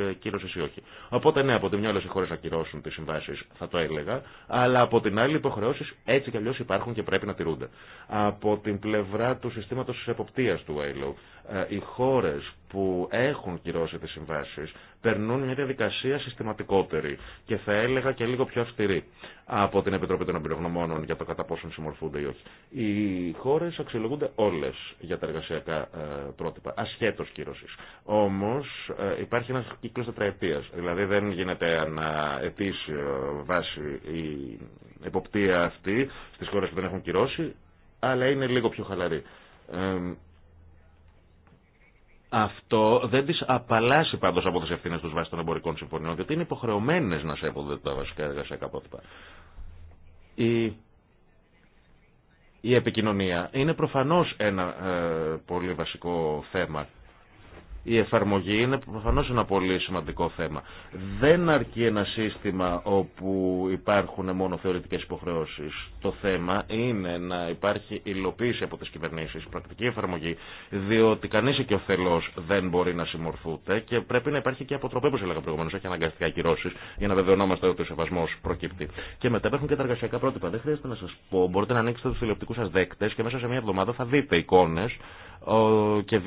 ε, κύρωση ή όχι. Οπότε ναι, από τη μια όλε οι χώρε θα κυρώσουν τι συμβάσει, θα το έλεγα, αλλά από την άλλη υποχρεώσει έτσι κι αλλιώ υπάρχουν και πρέπει να τηρούνται. Από την πλευρά του συστήματο εποπτεία του ILO, ε, οι χώρες που έχουν κυρώσει τις συμβάσεις περνούν μια διαδικασία συστηματικότερη και θα έλεγα και λίγο πιο αυστηρή από την Επιτροπή των Εμπειρογνωμόνων για το κατά πόσον συμμορφούνται ή όχι. Οι χώρες αξιολογούνται όλες για τα εργασιακά ε, πρότυπα, ασχέτως κύρωσης. Όμως ε, υπάρχει ένα κύκλος τετραετίας, δηλαδή δεν γίνεται αναετήσιο βάση η εποπτεία αυτή στις χώρες που δεν έχουν κυρώσει, αλλά είναι λίγο πιο χαλαρή. Αυτό δεν τι απαλλάσσει πάντω από τι ευθύνε του βάσει των εμπορικών συμφωνιών, γιατί είναι υποχρεωμένε να σέβονται τα βασικά εργασιακά πρότυπα. Η, η επικοινωνία είναι προφανώ ένα ε, πολύ βασικό θέμα η εφαρμογή είναι προφανώς ένα πολύ σημαντικό θέμα. Δεν αρκεί ένα σύστημα όπου υπάρχουν μόνο θεωρητικές υποχρεώσεις. Το θέμα είναι να υπάρχει υλοποίηση από τις κυβερνήσεις, πρακτική εφαρμογή, διότι κανείς και ο θελός δεν μπορεί να συμμορφούται και πρέπει να υπάρχει και αποτροπή, όπως έλεγα προηγουμένως, όχι αναγκαστικά κυρώσεις, για να βεβαιωνόμαστε ότι ο σεβασμός προκύπτει. Και μετά υπάρχουν και τα εργασιακά πρότυπα. Δεν χρειάζεται να σας πω, μπορείτε να ανοίξετε τους τηλεοπτικούς σας δέκτες και μέσα σε μια εβδομάδα θα δείτε εικόνες και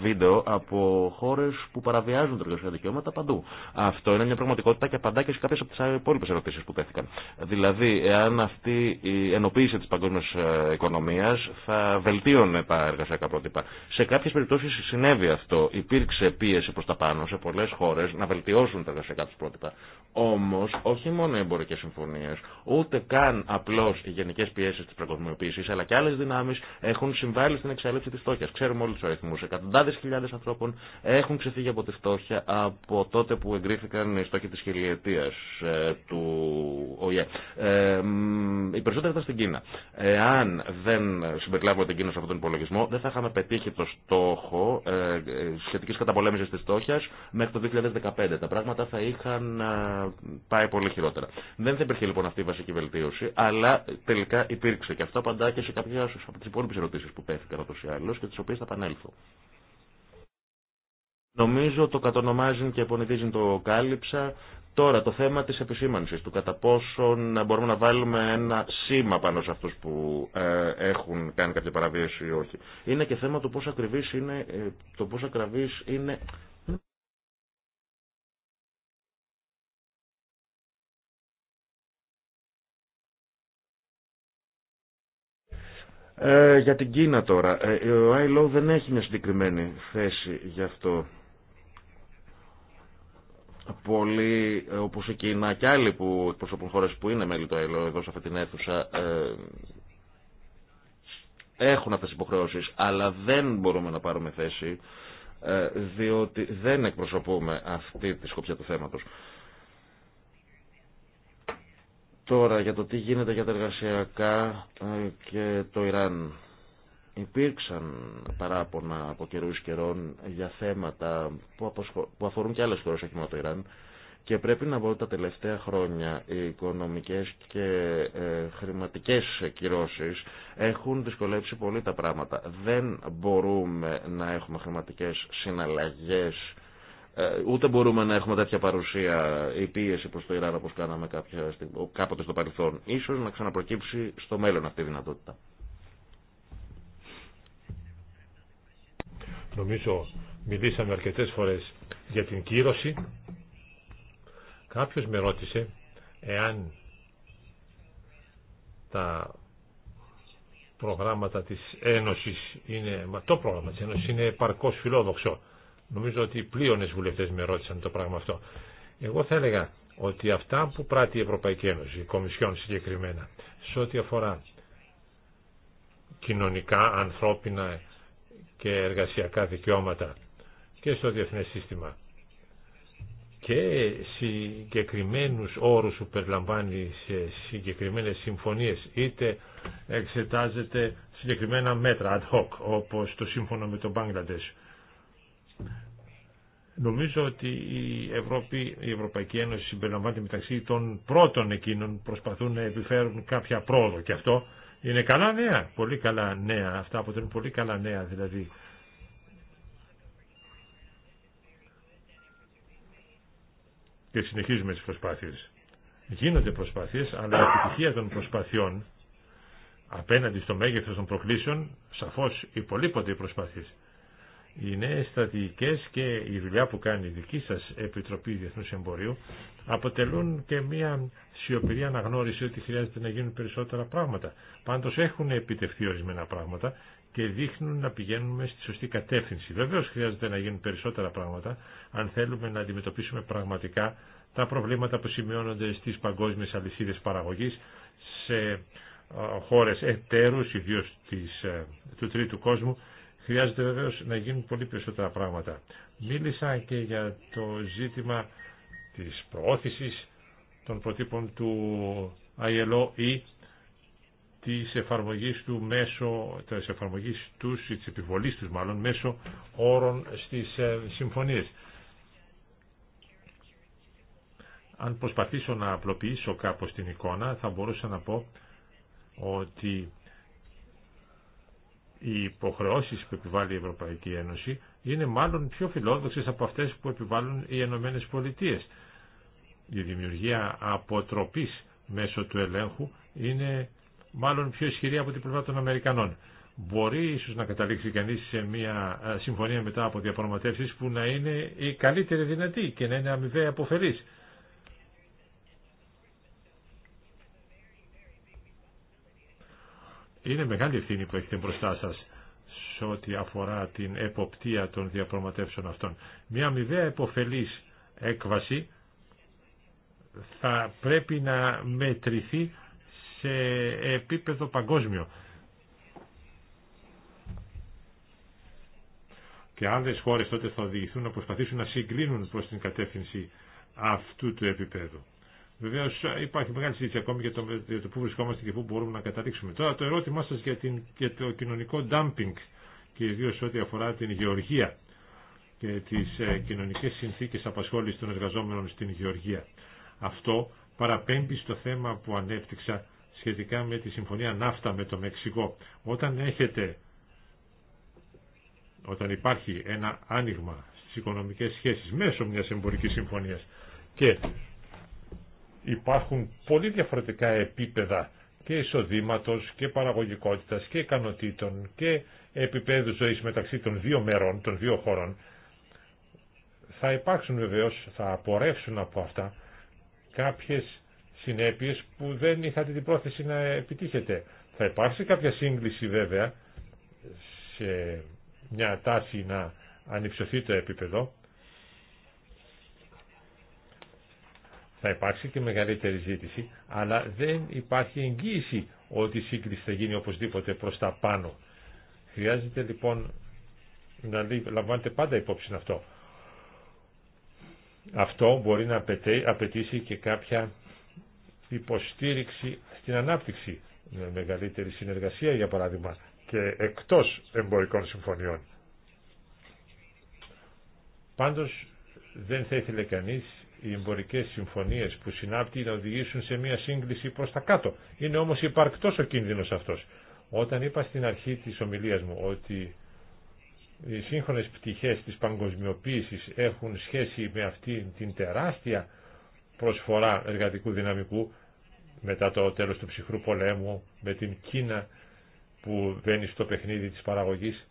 βίντεο από χώρε που παραβιάζουν τα εργασιακά δικαιώματα παντού. Αυτό είναι μια πραγματικότητα και απαντά και σε κάποιε από τι υπόλοιπε ερωτήσει που τέθηκαν. Δηλαδή, εάν αυτή η ενοποίηση τη παγκόσμια ε, οικονομία θα βελτίωνε τα εργασιακά πρότυπα. Σε κάποιε περιπτώσει συνέβη αυτό. Υπήρξε πίεση προ τα πάνω σε πολλέ χώρε να βελτιώσουν τα εργασιακά του πρότυπα. Όμω, όχι μόνο οι εμπορικέ συμφωνίε, ούτε καν απλώ οι γενικέ πιέσει τη παγκοσμιοποίηση, αλλά και άλλε δυνάμει έχουν συμβάλει στην εξέλιξη τη φτώχεια. Ξέρουμε όλου του αριθμού. Εκατοντάδε χιλιάδε ανθρώπων έχουν ξεφύγει από τη φτώχεια από τότε που εγκρίθηκαν οι στόχοι τη χιλιετία ε, του ΟΗΕ. Ε, οι περισσότεροι ήταν στην Κίνα. Εάν δεν συμπεριλάβουμε την Κίνα σε αυτόν τον υπολογισμό, δεν θα είχαμε πετύχει το στόχο ε, σχετική καταπολέμηση τη φτώχεια μέχρι το 2015. Τα πράγματα θα είχαν ε, πάει πολύ χειρότερα. Δεν θα υπήρχε λοιπόν αυτή η βασική βελτίωση, αλλά τελικά υπήρξε. Και αυτό απαντά και σε κάποιε από τι υπόλοιπε ερωτήσει που τέθηκαν ούτω ή άλλω και τις οποίες θα επανέλθω. Νομίζω το κατονομάζει και επωνυθίζουν το κάλυψα. Τώρα το θέμα της επισήμανσης, του κατά πόσον μπορούμε να βάλουμε ένα σήμα πάνω σε αυτούς που ε, έχουν κάνει κάποια παραβίαση ή όχι. Είναι και θέμα το πόσο ακριβής είναι, ε, το πόσο ακριβής είναι Ε, για την Κίνα τώρα. Ε, ο ILO δεν έχει μια συγκεκριμένη θέση γι' αυτό. Πολλοί, όπω η Κίνα και άλλοι που εκπροσωπούν χώρε που είναι μέλη του ILO εδώ σε αυτή την αίθουσα, ε, έχουν αυτέ τι υποχρεώσει, αλλά δεν μπορούμε να πάρουμε θέση, ε, διότι δεν εκπροσωπούμε αυτή τη σκοπιά του θέματο. Τώρα για το τι γίνεται για τα εργασιακά ε, και το Ιράν. Υπήρξαν παράπονα από καιρού καιρών για θέματα που αφορούν και άλλες χώρες, όχι το Ιράν. Και πρέπει να πω ότι τα τελευταία χρόνια οι οικονομικές και ε, χρηματικές κυρώσεις έχουν δυσκολέψει πολύ τα πράγματα. Δεν μπορούμε να έχουμε χρηματικές συναλλαγές ε, ούτε μπορούμε να έχουμε τέτοια παρουσία ή πίεση προς το Ιράν όπως κάναμε κάποια, κάποτε στο παρελθόν. Ίσως να ξαναπροκύψει στο μέλλον αυτή η δυνατότητα. Νομίζω μιλήσαμε αρκετές φορές για την κύρωση. Κάποιος με ρώτησε εάν τα προγράμματα της Ένωσης είναι, το πρόγραμμα της Ένωσης είναι παρκώς φιλόδοξο. Νομίζω ότι πλήρωνες βουλευτέ με ρώτησαν το πράγμα αυτό. Εγώ θα έλεγα ότι αυτά που πράττει η Ευρωπαϊκή Ένωση, η Κομισιόν συγκεκριμένα, σε ό,τι αφορά κοινωνικά, ανθρώπινα και εργασιακά δικαιώματα και στο διεθνές σύστημα και συγκεκριμένους όρους που περιλαμβάνει σε συγκεκριμένες συμφωνίες είτε εξετάζεται συγκεκριμένα μέτρα ad hoc όπως το σύμφωνο με τον Μπάγκλαντες Νομίζω ότι η, Ευρώπη, η Ευρωπαϊκή Ένωση συμπεριλαμβάνεται μεταξύ των πρώτων εκείνων προσπαθούν να επιφέρουν κάποια πρόοδο και αυτό είναι καλά νέα, πολύ καλά νέα, αυτά αποτελούν πολύ καλά νέα δηλαδή. Και συνεχίζουμε τις προσπάθειες. Γίνονται προσπάθειες, αλλά η επιτυχία των προσπαθειών απέναντι στο μέγεθος των προκλήσεων σαφώς υπολείπονται οι προσπάθειες οι νέε στρατηγικέ και η δουλειά που κάνει η δική σα Επιτροπή Διεθνούς Εμπορίου αποτελούν και μια σιωπηρή αναγνώριση ότι χρειάζεται να γίνουν περισσότερα πράγματα. Πάντω έχουν επιτευχθεί ορισμένα πράγματα και δείχνουν να πηγαίνουμε στη σωστή κατεύθυνση. Βεβαίω χρειάζεται να γίνουν περισσότερα πράγματα αν θέλουμε να αντιμετωπίσουμε πραγματικά τα προβλήματα που σημειώνονται στι παγκόσμιες αλυσίδε παραγωγή σε ε, χώρες εταίρους, ιδίως ε, του τρίτου κόσμου, Χρειάζεται βεβαίω να γίνουν πολύ περισσότερα πράγματα. Μίλησα και για το ζήτημα της προώθησης των προτύπων του ILO ή της εφαρμογής του μέσω, της εφαρμογής τους, της επιβολής τους μάλλον, μέσω όρων στις ε, συμφωνίες. Αν προσπαθήσω να απλοποιήσω κάπως την εικόνα, θα μπορούσα να πω ότι οι υποχρεώσεις που επιβάλλει η Ευρωπαϊκή Ένωση είναι μάλλον πιο φιλόδοξες από αυτές που επιβάλλουν οι Ενωμένες Πολιτείες. Η δημιουργία αποτροπής μέσω του ελέγχου είναι μάλλον πιο ισχυρή από την πλευρά των Αμερικανών. Μπορεί ίσως να καταλήξει κανείς σε μια ε, συμφωνία μετά από διαπραγματεύσεις που να είναι η καλύτερη δυνατή και να είναι αμοιβαία αποφελής. Είναι μεγάλη ευθύνη που έχετε μπροστά σα σε ό,τι αφορά την εποπτεία των διαπραγματεύσεων αυτών. Μια μηδέα εποφελής έκβαση θα πρέπει να μετρηθεί σε επίπεδο παγκόσμιο. Και άλλε χώρε τότε θα οδηγηθούν να προσπαθήσουν να συγκλίνουν προς την κατεύθυνση αυτού του επίπεδου. Βεβαίω υπάρχει μεγάλη συζήτηση ακόμη για το, πού βρισκόμαστε και πού μπορούμε να καταλήξουμε. Τώρα το ερώτημά σα για, το κοινωνικό dumping και ιδίω ό,τι αφορά την γεωργία και τι ε, κοινωνικέ συνθήκε απασχόληση των εργαζόμενων στην γεωργία. Αυτό παραπέμπει στο θέμα που ανέπτυξα σχετικά με τη συμφωνία ναύτα με το Μεξικό. Όταν έχετε, όταν υπάρχει ένα άνοιγμα στι οικονομικέ σχέσει μέσω μια εμπορική συμφωνία. και υπάρχουν πολύ διαφορετικά επίπεδα και εισοδήματος και παραγωγικότητας και ικανοτήτων και επίπεδου ζωής μεταξύ των δύο μέρων, των δύο χωρών. Θα υπάρξουν βεβαίως, θα απορρεύσουν από αυτά κάποιες συνέπειες που δεν είχατε την πρόθεση να επιτύχετε. Θα υπάρξει κάποια σύγκληση βέβαια σε μια τάση να ανυψωθεί το επίπεδο, θα υπάρξει και μεγαλύτερη ζήτηση, αλλά δεν υπάρχει εγγύηση ότι η σύγκριση θα γίνει οπωσδήποτε προς τα πάνω. Χρειάζεται λοιπόν να λαμβάνετε πάντα υπόψη αυτό. Αυτό μπορεί να απαιτήσει και κάποια υποστήριξη στην ανάπτυξη με μεγαλύτερη συνεργασία για παράδειγμα και εκτός εμπορικών συμφωνιών. Πάντως δεν θα ήθελε κανείς οι εμπορικέ συμφωνίες που συνάπτει να οδηγήσουν σε μια σύγκληση προς τα κάτω. Είναι όμως υπαρκτό ο κίνδυνος αυτός. Όταν είπα στην αρχή της ομιλία μου ότι οι σύγχρονε πτυχές της παγκοσμιοποίηση έχουν σχέση με αυτή την τεράστια προσφορά εργατικού δυναμικού μετά το τέλος του ψυχρού πολέμου με την Κίνα που μπαίνει στο παιχνίδι της παραγωγής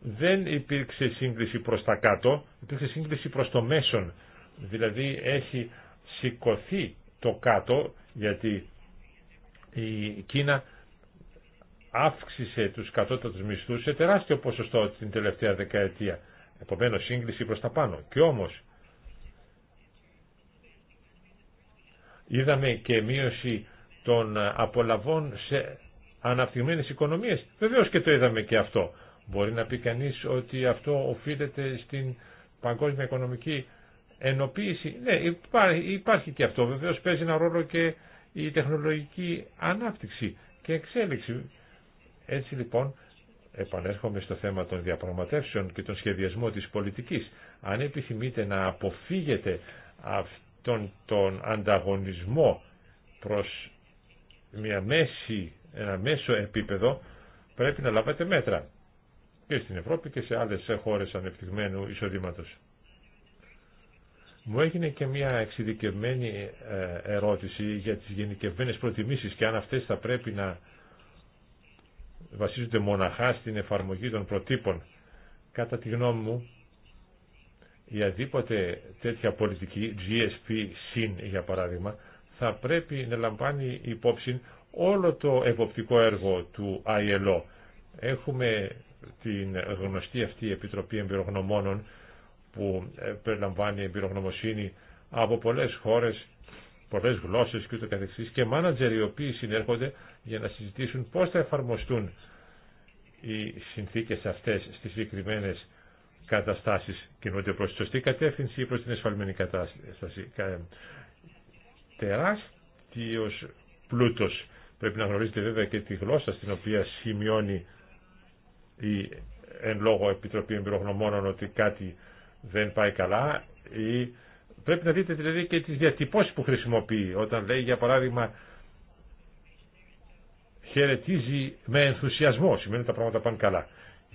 δεν υπήρξε σύγκριση προς τα κάτω, υπήρξε σύγκριση προς το μέσον. Δηλαδή έχει σηκωθεί το κάτω γιατί η Κίνα αύξησε τους κατώτατους μισθούς σε τεράστιο ποσοστό την τελευταία δεκαετία. Επομένως σύγκριση προς τα πάνω. Και όμως είδαμε και μείωση των απολαβών σε αναπτυγμένες οικονομίες. Βεβαίως και το είδαμε και αυτό. Μπορεί να πει κανείς ότι αυτό οφείλεται στην παγκόσμια οικονομική ενοποίηση. Ναι, υπάρχει, υπάρχει και αυτό. Βεβαίως παίζει ένα ρόλο και η τεχνολογική ανάπτυξη και εξέλιξη. Έτσι λοιπόν επανέρχομαι στο θέμα των διαπραγματεύσεων και τον σχεδιασμό της πολιτικής. Αν επιθυμείτε να αποφύγετε αυτόν τον ανταγωνισμό προς μια μέση, ένα μέσο επίπεδο, πρέπει να λάβετε μέτρα και στην Ευρώπη και σε άλλες χώρες ανεπτυγμένου εισοδήματος. Μου έγινε και μια εξειδικευμένη ε, ερώτηση για τις γενικευμένες προτιμήσεις και αν αυτές θα πρέπει να βασίζονται μοναχά στην εφαρμογή των προτύπων. Κατά τη γνώμη μου, η αδίποτε τέτοια πολιτική, GSP GSP-SYN για παράδειγμα, θα πρέπει να λαμβάνει υπόψη όλο το εποπτικό έργο του ILO. Έχουμε την γνωστή αυτή Επιτροπή Εμπειρογνωμόνων που ε, περιλαμβάνει εμπειρογνωμοσύνη από πολλές χώρες, πολλές γλώσσες και ούτω καθεξής και μάνατζερ οι οποίοι συνέρχονται για να συζητήσουν πώς θα εφαρμοστούν οι συνθήκες αυτές στις συγκεκριμένε καταστάσεις κινούνται προς τη σωστή κατεύθυνση ή προς την εσφαλμένη κατάσταση. Ε, τεράστιος πλούτος. Πρέπει να γνωρίζετε βέβαια και τη γλώσσα στην οποία σημειώνει η εν λόγω Επιτροπή Εμπειρογνωμόνων ότι κάτι δεν πάει καλά ή πρέπει να δείτε δηλαδή και τις διατυπώσεις που χρησιμοποιεί όταν λέει για παράδειγμα χαιρετίζει με ενθουσιασμό σημαίνει ότι τα πράγματα πάνε καλά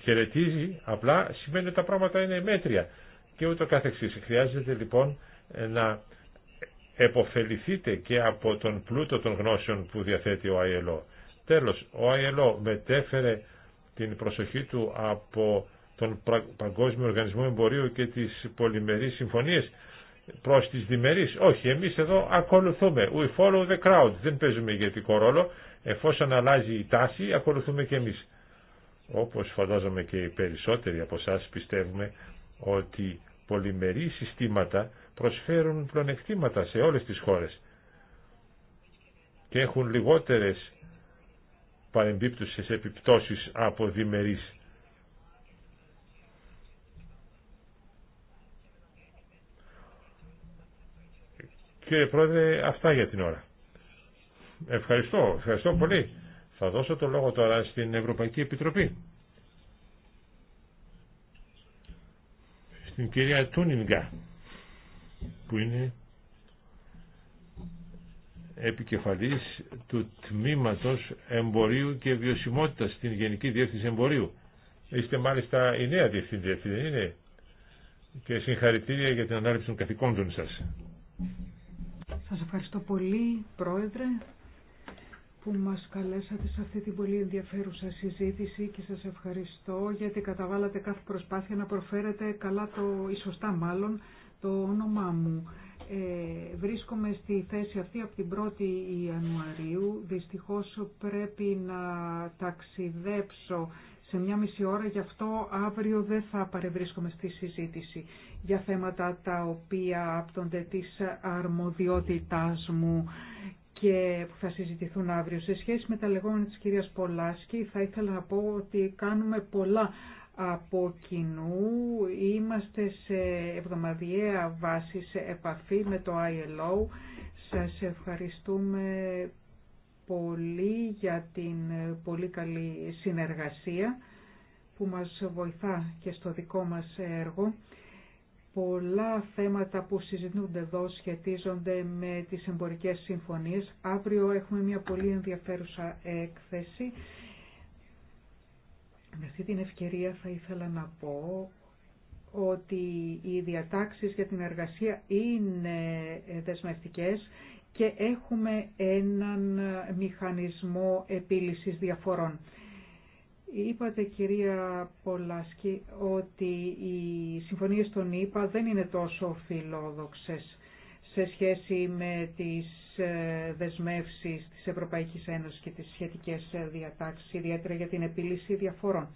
χαιρετίζει απλά σημαίνει ότι τα πράγματα είναι μέτρια και ούτω καθεξής χρειάζεται λοιπόν να εποφεληθείτε και από τον πλούτο των γνώσεων που διαθέτει ο ΑΕΛΟ τέλος ο ΑΕΛΟ μετέφερε την προσοχή του από τον Παγκόσμιο Οργανισμό Εμπορίου και τις πολυμερείς συμφωνίες προς τις διμερείς. Όχι, εμείς εδώ ακολουθούμε. We follow the crowd. Δεν παίζουμε ηγετικό ρόλο. Εφόσον αλλάζει η τάση, ακολουθούμε και εμείς. Όπως φαντάζομαι και οι περισσότεροι από εσά πιστεύουμε ότι πολυμερεί συστήματα προσφέρουν πλονεκτήματα σε όλες τις χώρες και έχουν λιγότερες σε επιπτώσεις από διμερείς Κύριε Πρόεδρε, αυτά για την ώρα. Ευχαριστώ, ευχαριστώ πολύ. Θα δώσω το λόγο τώρα στην Ευρωπαϊκή Επιτροπή. Στην κυρία Τούνιγκα, που είναι επικεφαλής του τμήματος εμπορίου και βιωσιμότητας στην Γενική Διεύθυνση Εμπορίου. Είστε μάλιστα η νέα διευθυντή, δεν είναι. Και συγχαρητήρια για την ανάληψη των καθηκόντων σας. Σας ευχαριστώ πολύ, Πρόεδρε, που μας καλέσατε σε αυτή την πολύ ενδιαφέρουσα συζήτηση και σας ευχαριστώ γιατί καταβάλατε κάθε προσπάθεια να προφέρετε καλά το, ή σωστά μάλλον, το όνομά μου. Ε, βρίσκομαι στη θέση αυτή από την 1η Ιανουαρίου. Δυστυχώς πρέπει να ταξιδέψω σε μια μισή ώρα, γι' αυτό αύριο δεν θα παρευρίσκομαι στη συζήτηση για θέματα τα οποία άπτονται της αρμοδιότητάς μου και που θα συζητηθούν αύριο. Σε σχέση με τα λεγόμενα της κυρίας Πολάσκη θα ήθελα να πω ότι κάνουμε πολλά από κοινού είμαστε σε εβδομαδιαία βάση σε επαφή με το ILO. Σας ευχαριστούμε πολύ για την πολύ καλή συνεργασία που μας βοηθά και στο δικό μας έργο. Πολλά θέματα που συζητούνται εδώ σχετίζονται με τις εμπορικές συμφωνίες. Αύριο έχουμε μια πολύ ενδιαφέρουσα έκθεση με αυτή την ευκαιρία θα ήθελα να πω ότι οι διατάξεις για την εργασία είναι δεσμευτικές και έχουμε έναν μηχανισμό επίλυσης διαφορών. Είπατε κυρία Πολάσκη ότι οι συμφωνίες των ΗΠΑ δεν είναι τόσο φιλόδοξες σε σχέση με τις ε, δεσμεύσεις της Ευρωπαϊκής Ένωσης και τις σχετικές ε, διατάξεις, ιδιαίτερα για την επίλυση διαφορών.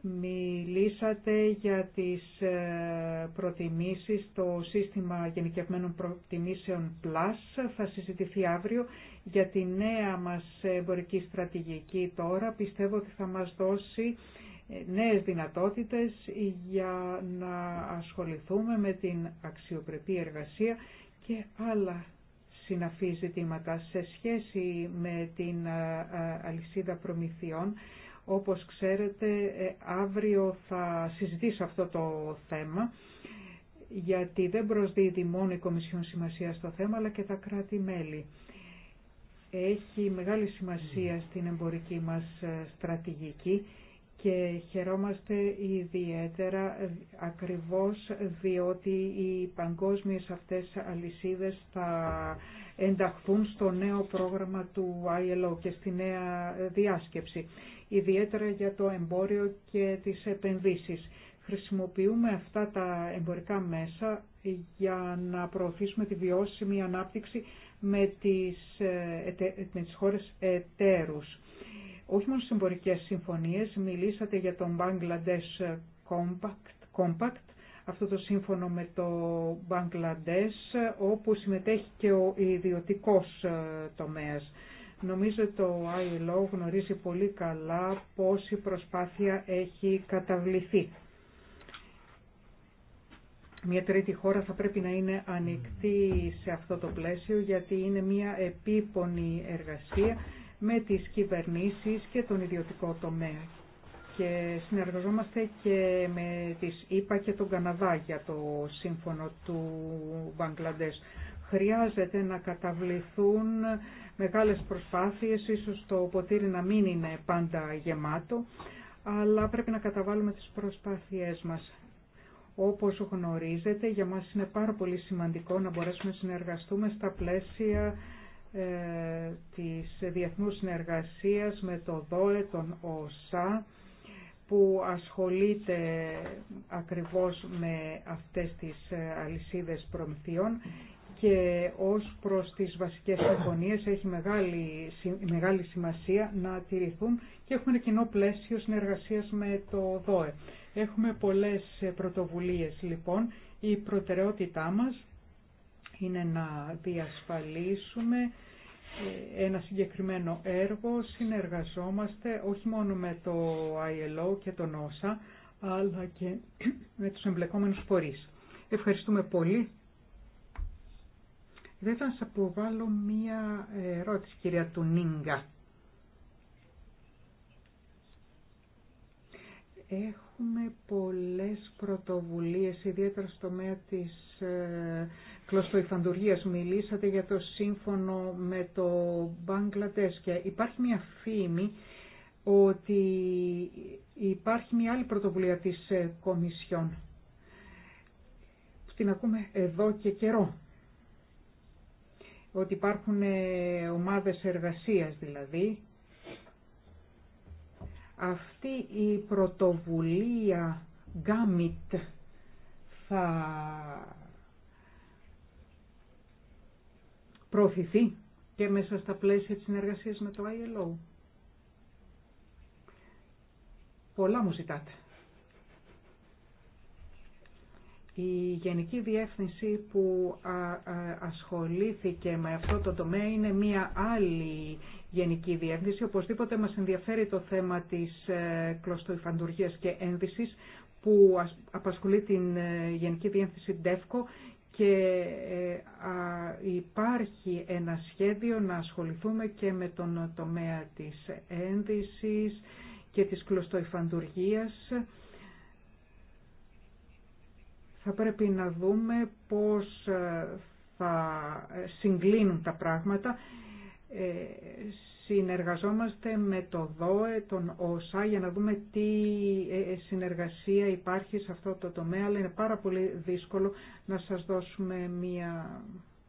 Μιλήσατε για τις ε, προτιμήσεις, το σύστημα γενικευμένων προτιμήσεων Plus θα συζητηθεί αύριο για τη νέα μας εμπορική στρατηγική τώρα. Πιστεύω ότι θα μας δώσει νέες δυνατότητες για να ασχοληθούμε με την αξιοπρεπή εργασία και άλλα συναφή ζητήματα σε σχέση με την ε, ε, αλυσίδα προμηθειών. Όπως ξέρετε, ε, αύριο θα συζητήσω αυτό το θέμα, γιατί δεν προσδίδει μόνο η Κομισιόν Σημασία στο θέμα, αλλά και τα κράτη-μέλη. Έχει μεγάλη σημασία στην εμπορική μας στρατηγική και χαιρόμαστε ιδιαίτερα ακριβώς διότι οι παγκόσμιες αυτές αλυσίδες θα ενταχθούν στο νέο πρόγραμμα του ILO και στη νέα διάσκεψη, ιδιαίτερα για το εμπόριο και τις επενδύσεις. Χρησιμοποιούμε αυτά τα εμπορικά μέσα για να προωθήσουμε τη βιώσιμη ανάπτυξη με τις, ε, ε, με τις χώρες εταίρους όχι μόνο στις εμπορικές συμφωνίες, μιλήσατε για τον Bangladesh Compact, αυτό το σύμφωνο με το Bangladesh, όπου συμμετέχει και ο ιδιωτικός ε, τομέας. Νομίζω το ILO γνωρίζει πολύ καλά πόση προσπάθεια έχει καταβληθεί. Μια τρίτη χώρα θα πρέπει να είναι ανοιχτή σε αυτό το πλαίσιο γιατί είναι μια επίπονη εργασία με τις κυβερνήσεις και τον ιδιωτικό τομέα. Και συνεργαζόμαστε και με τις ΗΠΑ και τον Καναδά για το σύμφωνο του Μπαγκλαντές. Χρειάζεται να καταβληθούν μεγάλες προσπάθειες, ίσως το ποτήρι να μην είναι πάντα γεμάτο, αλλά πρέπει να καταβάλουμε τις προσπάθειές μας. Όπως γνωρίζετε, για μας είναι πάρα πολύ σημαντικό να μπορέσουμε να συνεργαστούμε στα πλαίσια ε, της διεθνούς συνεργασίας με το ΔΟΕ, τον ΟΣΑ, που ασχολείται ακριβώς με αυτές τις ε, αλυσίδες προμηθειών και ως προς τις βασικές συμφωνίες έχει μεγάλη, μεγάλη σημασία να τηρηθούν και έχουμε ένα κοινό πλαίσιο συνεργασίας με το ΔΟΕ. Έχουμε πολλές ε, πρωτοβουλίες λοιπόν. Η προτεραιότητά μας είναι να διασφαλίσουμε ε, ένα συγκεκριμένο έργο. Συνεργαζόμαστε όχι μόνο με το ILO και τον ΝΟΣΑ, αλλά και με τους εμπλεκόμενους φορείς. Ευχαριστούμε πολύ. Δεν θα σας αποβάλω μία ερώτηση, κυρία Τουνίγκα. Έχουμε πολλές πρωτοβουλίες, ιδιαίτερα στο τομέα της ε, κλωστοϊφαντουργίας. Μιλήσατε για το σύμφωνο με το Μπαγκλατέσκια. και υπάρχει μια φήμη ότι υπάρχει μια άλλη πρωτοβουλία της ε, Κομισιόν. Την ακούμε εδώ και καιρό. Ότι υπάρχουν ε, ομάδες εργασίας δηλαδή. Αυτή η πρωτοβουλία γκάμιτ θα προωθηθεί και μέσα στα πλαίσια της συνεργασίας με το ILO. Πολλά μου ζητάτε. Η Γενική Διεύθυνση που ασχολήθηκε με αυτό το τομέα είναι μία άλλη Γενική Διεύθυνση. Οπωσδήποτε μας ενδιαφέρει το θέμα της ε, κλωστοϊφαντουργίας και ένδυσης που απασχολεί την ε, Γενική Διεύθυνση Τεύκο και ε, υπάρχει ένα σχέδιο να ασχοληθούμε και με τον τομέα της ένδυσης και της κλωστοϊφαντουργίας. Θα πρέπει να δούμε πώς ε, θα συγκλίνουν τα πράγματα ε, Συνεργαζόμαστε με το ΔΟΕ, τον ΟΣΑ, για να δούμε τι ε, ε, συνεργασία υπάρχει σε αυτό το τομέα, αλλά είναι πάρα πολύ δύσκολο να σας δώσουμε μία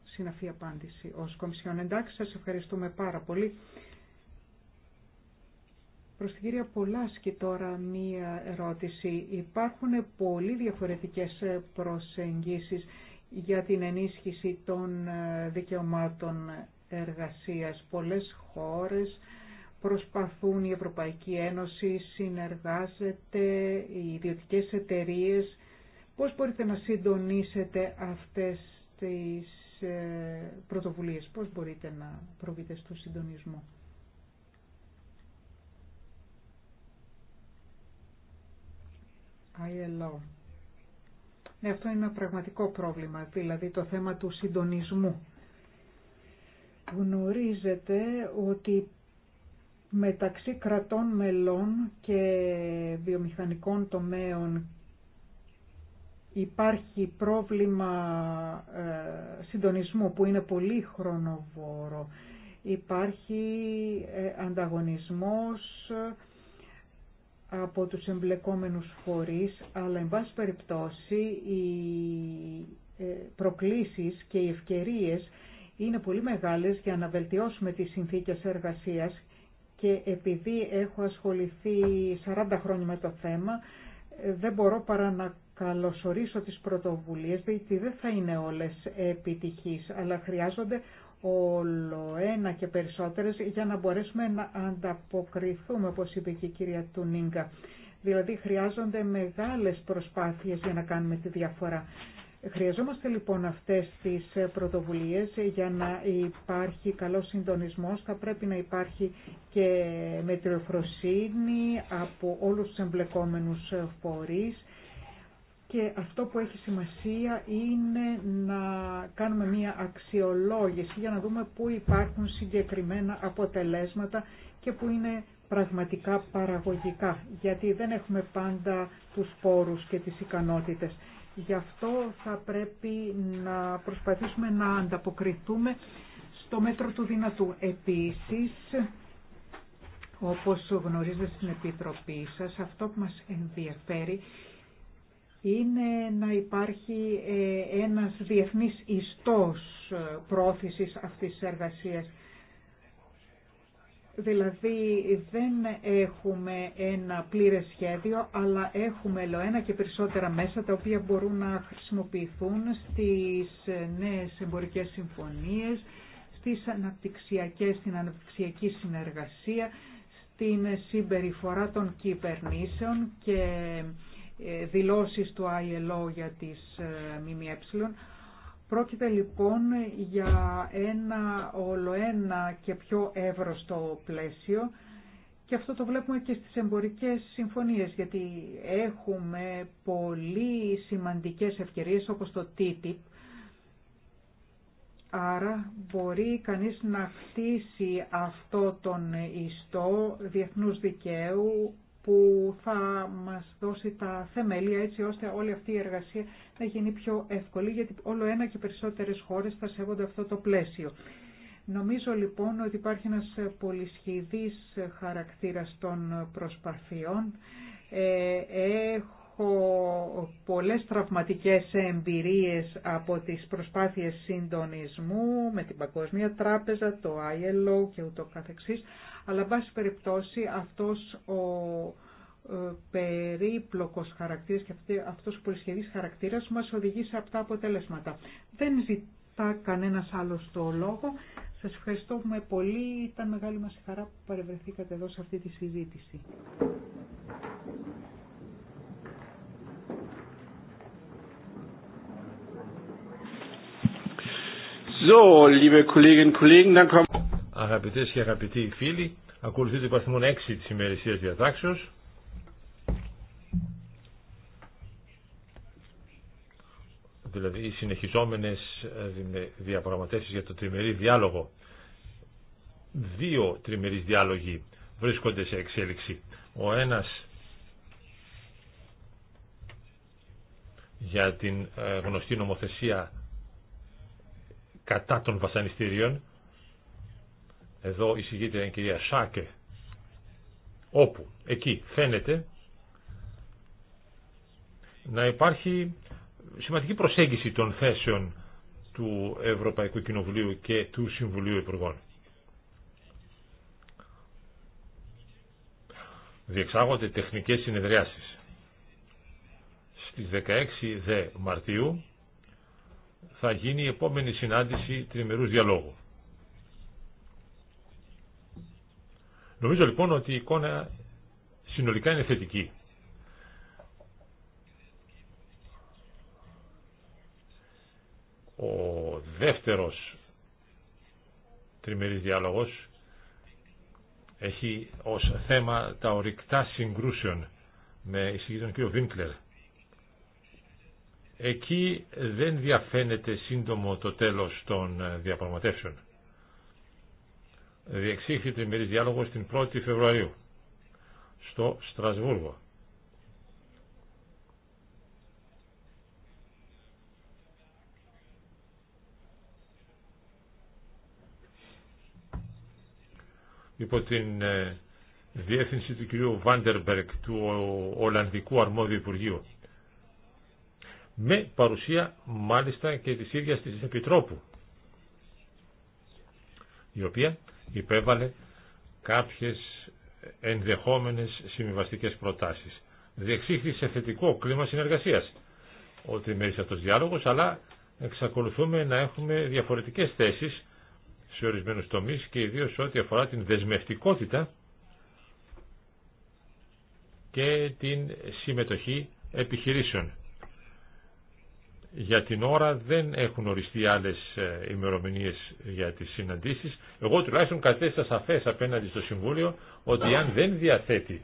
συναφή απάντηση ως Κομισιόν. Εντάξει, σας ευχαριστούμε πάρα πολύ. Προς την κυρία Πολάσκη τώρα μία ερώτηση. Υπάρχουν πολύ διαφορετικές προσεγγίσεις για την ενίσχυση των δικαιωμάτων εργασίας. Πολλές χώρες προσπαθούν, η Ευρωπαϊκή Ένωση συνεργάζεται, οι ιδιωτικές εταιρείες. Πώς μπορείτε να συντονίσετε αυτές τις ε, πρωτοβουλίες, πώς μπορείτε να προβείτε στο συντονισμό. ILO. Ναι, αυτό είναι ένα πραγματικό πρόβλημα, δηλαδή το θέμα του συντονισμού Γνωρίζετε ότι μεταξύ κρατών μελών και βιομηχανικών τομέων υπάρχει πρόβλημα ε, συντονισμού που είναι πολύ χρονοβόρο. Υπάρχει ε, ανταγωνισμός ε, από τους εμπλεκόμενους φορείς, αλλά εν πάση περιπτώσει οι προκλήσεις και οι ευκαιρίες είναι πολύ μεγάλες για να βελτιώσουμε τις συνθήκες εργασίας και επειδή έχω ασχοληθεί 40 χρόνια με το θέμα, ε, δεν μπορώ παρά να καλωσορίσω τις πρωτοβουλίες, διότι δεν θα είναι όλες επιτυχείς, αλλά χρειάζονται όλο ένα και περισσότερες για να μπορέσουμε να ανταποκριθούμε, όπως είπε και η κυρία Τουνίγκα. Δηλαδή χρειάζονται μεγάλες προσπάθειες για να κάνουμε τη διαφορά. Χρειαζόμαστε λοιπόν αυτές τις πρωτοβουλίες για να υπάρχει καλός συντονισμός. Θα πρέπει να υπάρχει και μετριοφροσύνη από όλους τους εμπλεκόμενους φορείς. Και αυτό που έχει σημασία είναι να κάνουμε μία αξιολόγηση για να δούμε πού υπάρχουν συγκεκριμένα αποτελέσματα και πού είναι πραγματικά παραγωγικά. Γιατί δεν έχουμε πάντα τους πόρους και τις ικανότητες. Γι' αυτό θα πρέπει να προσπαθήσουμε να ανταποκριθούμε στο μέτρο του δυνατού. Επίσης, όπως γνωρίζετε στην Επιτροπή σας, αυτό που μας ενδιαφέρει είναι να υπάρχει ε, ένας διεθνής ιστός ε, πρόθεσης αυτής της εργασίας Δηλαδή δεν έχουμε ένα πλήρες σχέδιο, αλλά έχουμε ένα και περισσότερα μέσα τα οποία μπορούν να χρησιμοποιηθούν στις νέες εμπορικές συμφωνίες, στις αναπτυξιακές, στην αναπτυξιακή συνεργασία, στην συμπεριφορά των κυβερνήσεων και ε, δηλώσεις του ILO για τις ε, ΜΜΕ Πρόκειται λοιπόν για ένα ολοένα και πιο εύρωστο πλαίσιο και αυτό το βλέπουμε και στις εμπορικές συμφωνίες γιατί έχουμε πολύ σημαντικές ευκαιρίες όπως το TTIP Άρα μπορεί κανείς να χτίσει αυτό τον ιστό διεθνούς δικαίου που θα μας δώσει τα θεμέλια έτσι ώστε όλη αυτή η εργασία να γίνει πιο εύκολη γιατί όλο ένα και περισσότερες χώρες θα σέβονται αυτό το πλαίσιο. Νομίζω λοιπόν ότι υπάρχει ένας πολυσχηδής χαρακτήρας των προσπαθειών. Ε, έχω πολλές τραυματικές εμπειρίες από τις προσπάθειες συντονισμού με την Παγκοσμία Τράπεζα, το ILO και ούτω καθεξής, αλλά, πάση περιπτώσει, αυτός ο ε, περίπλοκος χαρακτήρας και αυτός ο πολυσχεδής χαρακτήρας μας οδηγεί σε αυτά αποτελέσματα. Δεν ζητά κανένας άλλος το λόγο. Σας ευχαριστούμε πολύ. Ήταν μεγάλη μας χαρά που παρευρεθήκατε εδώ σε αυτή τη συζήτηση. So, liebe Kolleginnen Αγαπητές και αγαπητοί φίλοι, ακολουθείτε το υπαριθμό 6 της ημερησίας διατάξεως. Δηλαδή οι συνεχιζόμενες ε, διαπραγματεύσεις για το τριμερή διάλογο. Δύο τριμερείς διάλογοι βρίσκονται σε εξέλιξη. Ο ένας για την ε, γνωστή νομοθεσία κατά των βασανιστήριων εδώ εισηγείται η κυρία Σάκε, όπου εκεί φαίνεται να υπάρχει σημαντική προσέγγιση των θέσεων του Ευρωπαϊκού Κοινοβουλίου και του Συμβουλίου Υπουργών. Διεξάγονται τεχνικές συνεδριάσεις. Στις 16 δε Μαρτίου θα γίνει η επόμενη συνάντηση τριμερούς διαλόγου. Νομίζω λοιπόν ότι η εικόνα συνολικά είναι θετική. Ο δεύτερος τριμερής διάλογος έχει ως θέμα τα ορυκτά συγκρούσεων με εισηγή τον κύριο Βίνκλερ. Εκεί δεν διαφαίνεται σύντομο το τέλος των διαπραγματεύσεων διεξήχθη το διάλογο στην 1η Φεβρουαρίου στο Στρασβούργο. Υπό την ε, διεύθυνση του κυρίου Βάντερμπεργκ του Ολλανδικού Αρμόδιου Υπουργείου με παρουσία μάλιστα και της ίδιας της Επιτρόπου η οποία υπέβαλε κάποιες ενδεχόμενες συμβιβαστικέ προτάσεις. Διεξήχθη σε θετικό κλίμα συνεργασίας ότι τριμερής αυτός διάλογος, αλλά εξακολουθούμε να έχουμε διαφορετικές θέσεις σε ορισμένους τομείς και ιδίως ό,τι αφορά την δεσμευτικότητα και την συμμετοχή επιχειρήσεων. Για την ώρα δεν έχουν οριστεί άλλες ε, ημερομηνίες για τις συναντήσεις. Εγώ τουλάχιστον κατέστησα σαφές απέναντι στο Συμβούλιο ότι αν δεν διαθέτει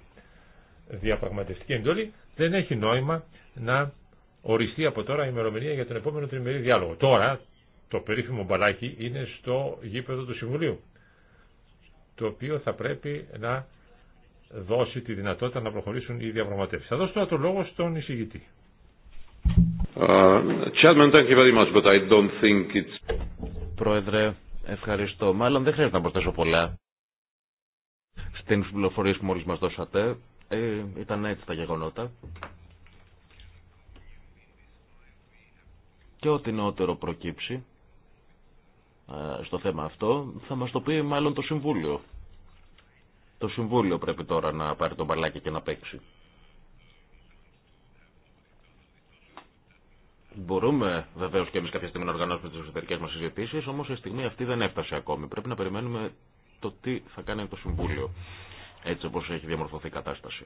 διαπραγματευτική εντολή δεν έχει νόημα να οριστεί από τώρα η ημερομηνία για τον επόμενο τριμερή διάλογο. Τώρα το περίφημο μπαλάκι είναι στο γήπεδο του Συμβουλίου το οποίο θα πρέπει να δώσει τη δυνατότητα να προχωρήσουν οι διαπραγματεύσεις. Θα δώσω τώρα το λόγο στον εισηγητή. Πρόεδρε, ευχαριστώ. Μάλλον δεν χρειάζεται να προσθέσω πολλά. Στην πληροφορία που μόλις μας δώσατε, ε, ήταν έτσι τα γεγονότα. Και ό,τι νεότερο προκύψει ε, στο θέμα αυτό, θα μας το πει μάλλον το Συμβούλιο. Το Συμβούλιο πρέπει τώρα να πάρει το μπαλάκι και να παίξει. Μπορούμε βεβαίω και εμεί κάποια στιγμή να οργανώσουμε τι εσωτερικέ μα συζητήσει, όμω η στιγμή αυτή δεν έφτασε ακόμη. Πρέπει να περιμένουμε το τι θα κάνει το Συμβούλιο, έτσι όπω έχει διαμορφωθεί η κατάσταση.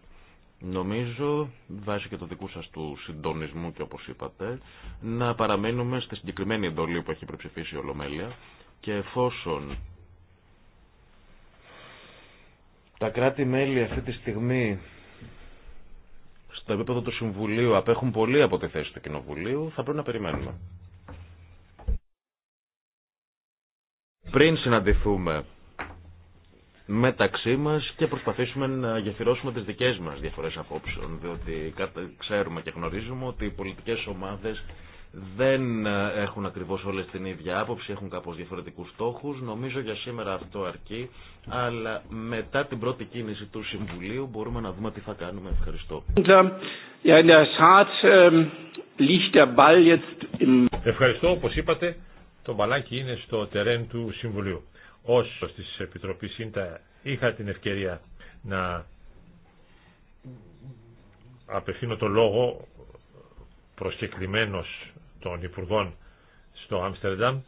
Νομίζω, βάσει και το δικού σα του συντονισμού και όπω είπατε, να παραμένουμε στη συγκεκριμένη εντολή που έχει προψηφίσει η Ολομέλεια και εφόσον τα κράτη-μέλη αυτή τη στιγμή στο επίπεδο του Συμβουλίου απέχουν πολύ από τη θέση του Κοινοβουλίου, θα πρέπει να περιμένουμε. Πριν συναντηθούμε μεταξύ μας και προσπαθήσουμε να γεφυρώσουμε τις δικές μας διαφορές απόψεων, διότι ξέρουμε και γνωρίζουμε ότι οι πολιτικές ομάδες δεν ε, έχουν ακριβώς όλες την ίδια άποψη, έχουν κάπως διαφορετικούς στόχους. Νομίζω για σήμερα αυτό αρκεί, αλλά μετά την πρώτη κίνηση του Συμβουλίου μπορούμε να δούμε τι θα κάνουμε. Ευχαριστώ. Ähm, Ευχαριστώ, όπως είπατε, το μπαλάκι είναι στο τερέν του Συμβουλίου. Όσο στις επιτροπές ΣΥΝΤΑ είχα την ευκαιρία να απευθύνω το λόγο προσκεκλημένος των Υπουργών στο Άμστερνταμ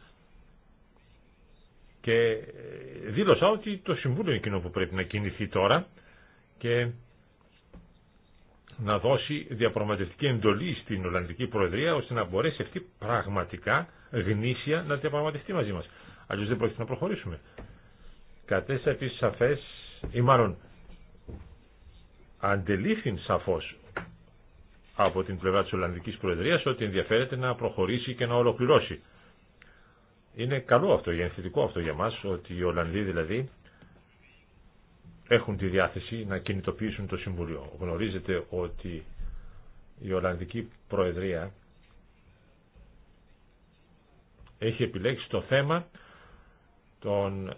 και δήλωσα ότι το Συμβούλιο είναι εκείνο που πρέπει να κινηθεί τώρα και να δώσει διαπραγματευτική εντολή στην Ολλανδική Προεδρία ώστε να μπορέσει αυτή πραγματικά γνήσια να διαπραγματευτεί μαζί μας. Αλλιώς δεν πρόκειται να προχωρήσουμε. Κατέστα επίσης σαφές ή μάλλον αντελήφθην σαφώς από την πλευρά της Ολλανδικής Προεδρίας ότι ενδιαφέρεται να προχωρήσει και να ολοκληρώσει. Είναι καλό αυτό, είναι αυτό για μας, ότι οι Ολλανδοί δηλαδή έχουν τη διάθεση να κινητοποιήσουν το Συμβουλίο. Γνωρίζετε ότι η Ολλανδική Προεδρία έχει επιλέξει το θέμα των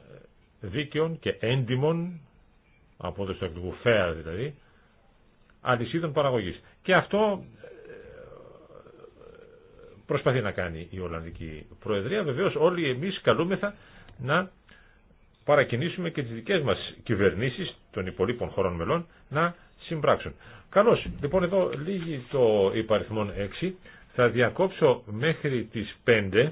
δίκαιων και έντιμων, από το ακριβού fair δηλαδή, αλυσίδων παραγωγής. Και αυτό ε, προσπαθεί να κάνει η Ολλανδική Προεδρία. Βεβαίως όλοι εμείς καλούμεθα να παρακινήσουμε και τις δικές μας κυβερνήσεις των υπολείπων χωρών μελών να συμπράξουν. Καλώς, λοιπόν εδώ λίγη το υπαριθμόν 6. Θα διακόψω μέχρι τις 5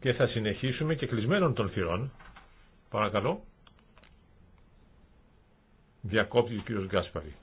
και θα συνεχίσουμε και κλεισμένων των θυρών. Παρακαλώ. Διακόπτει ο κύριος Γκάσπαρη.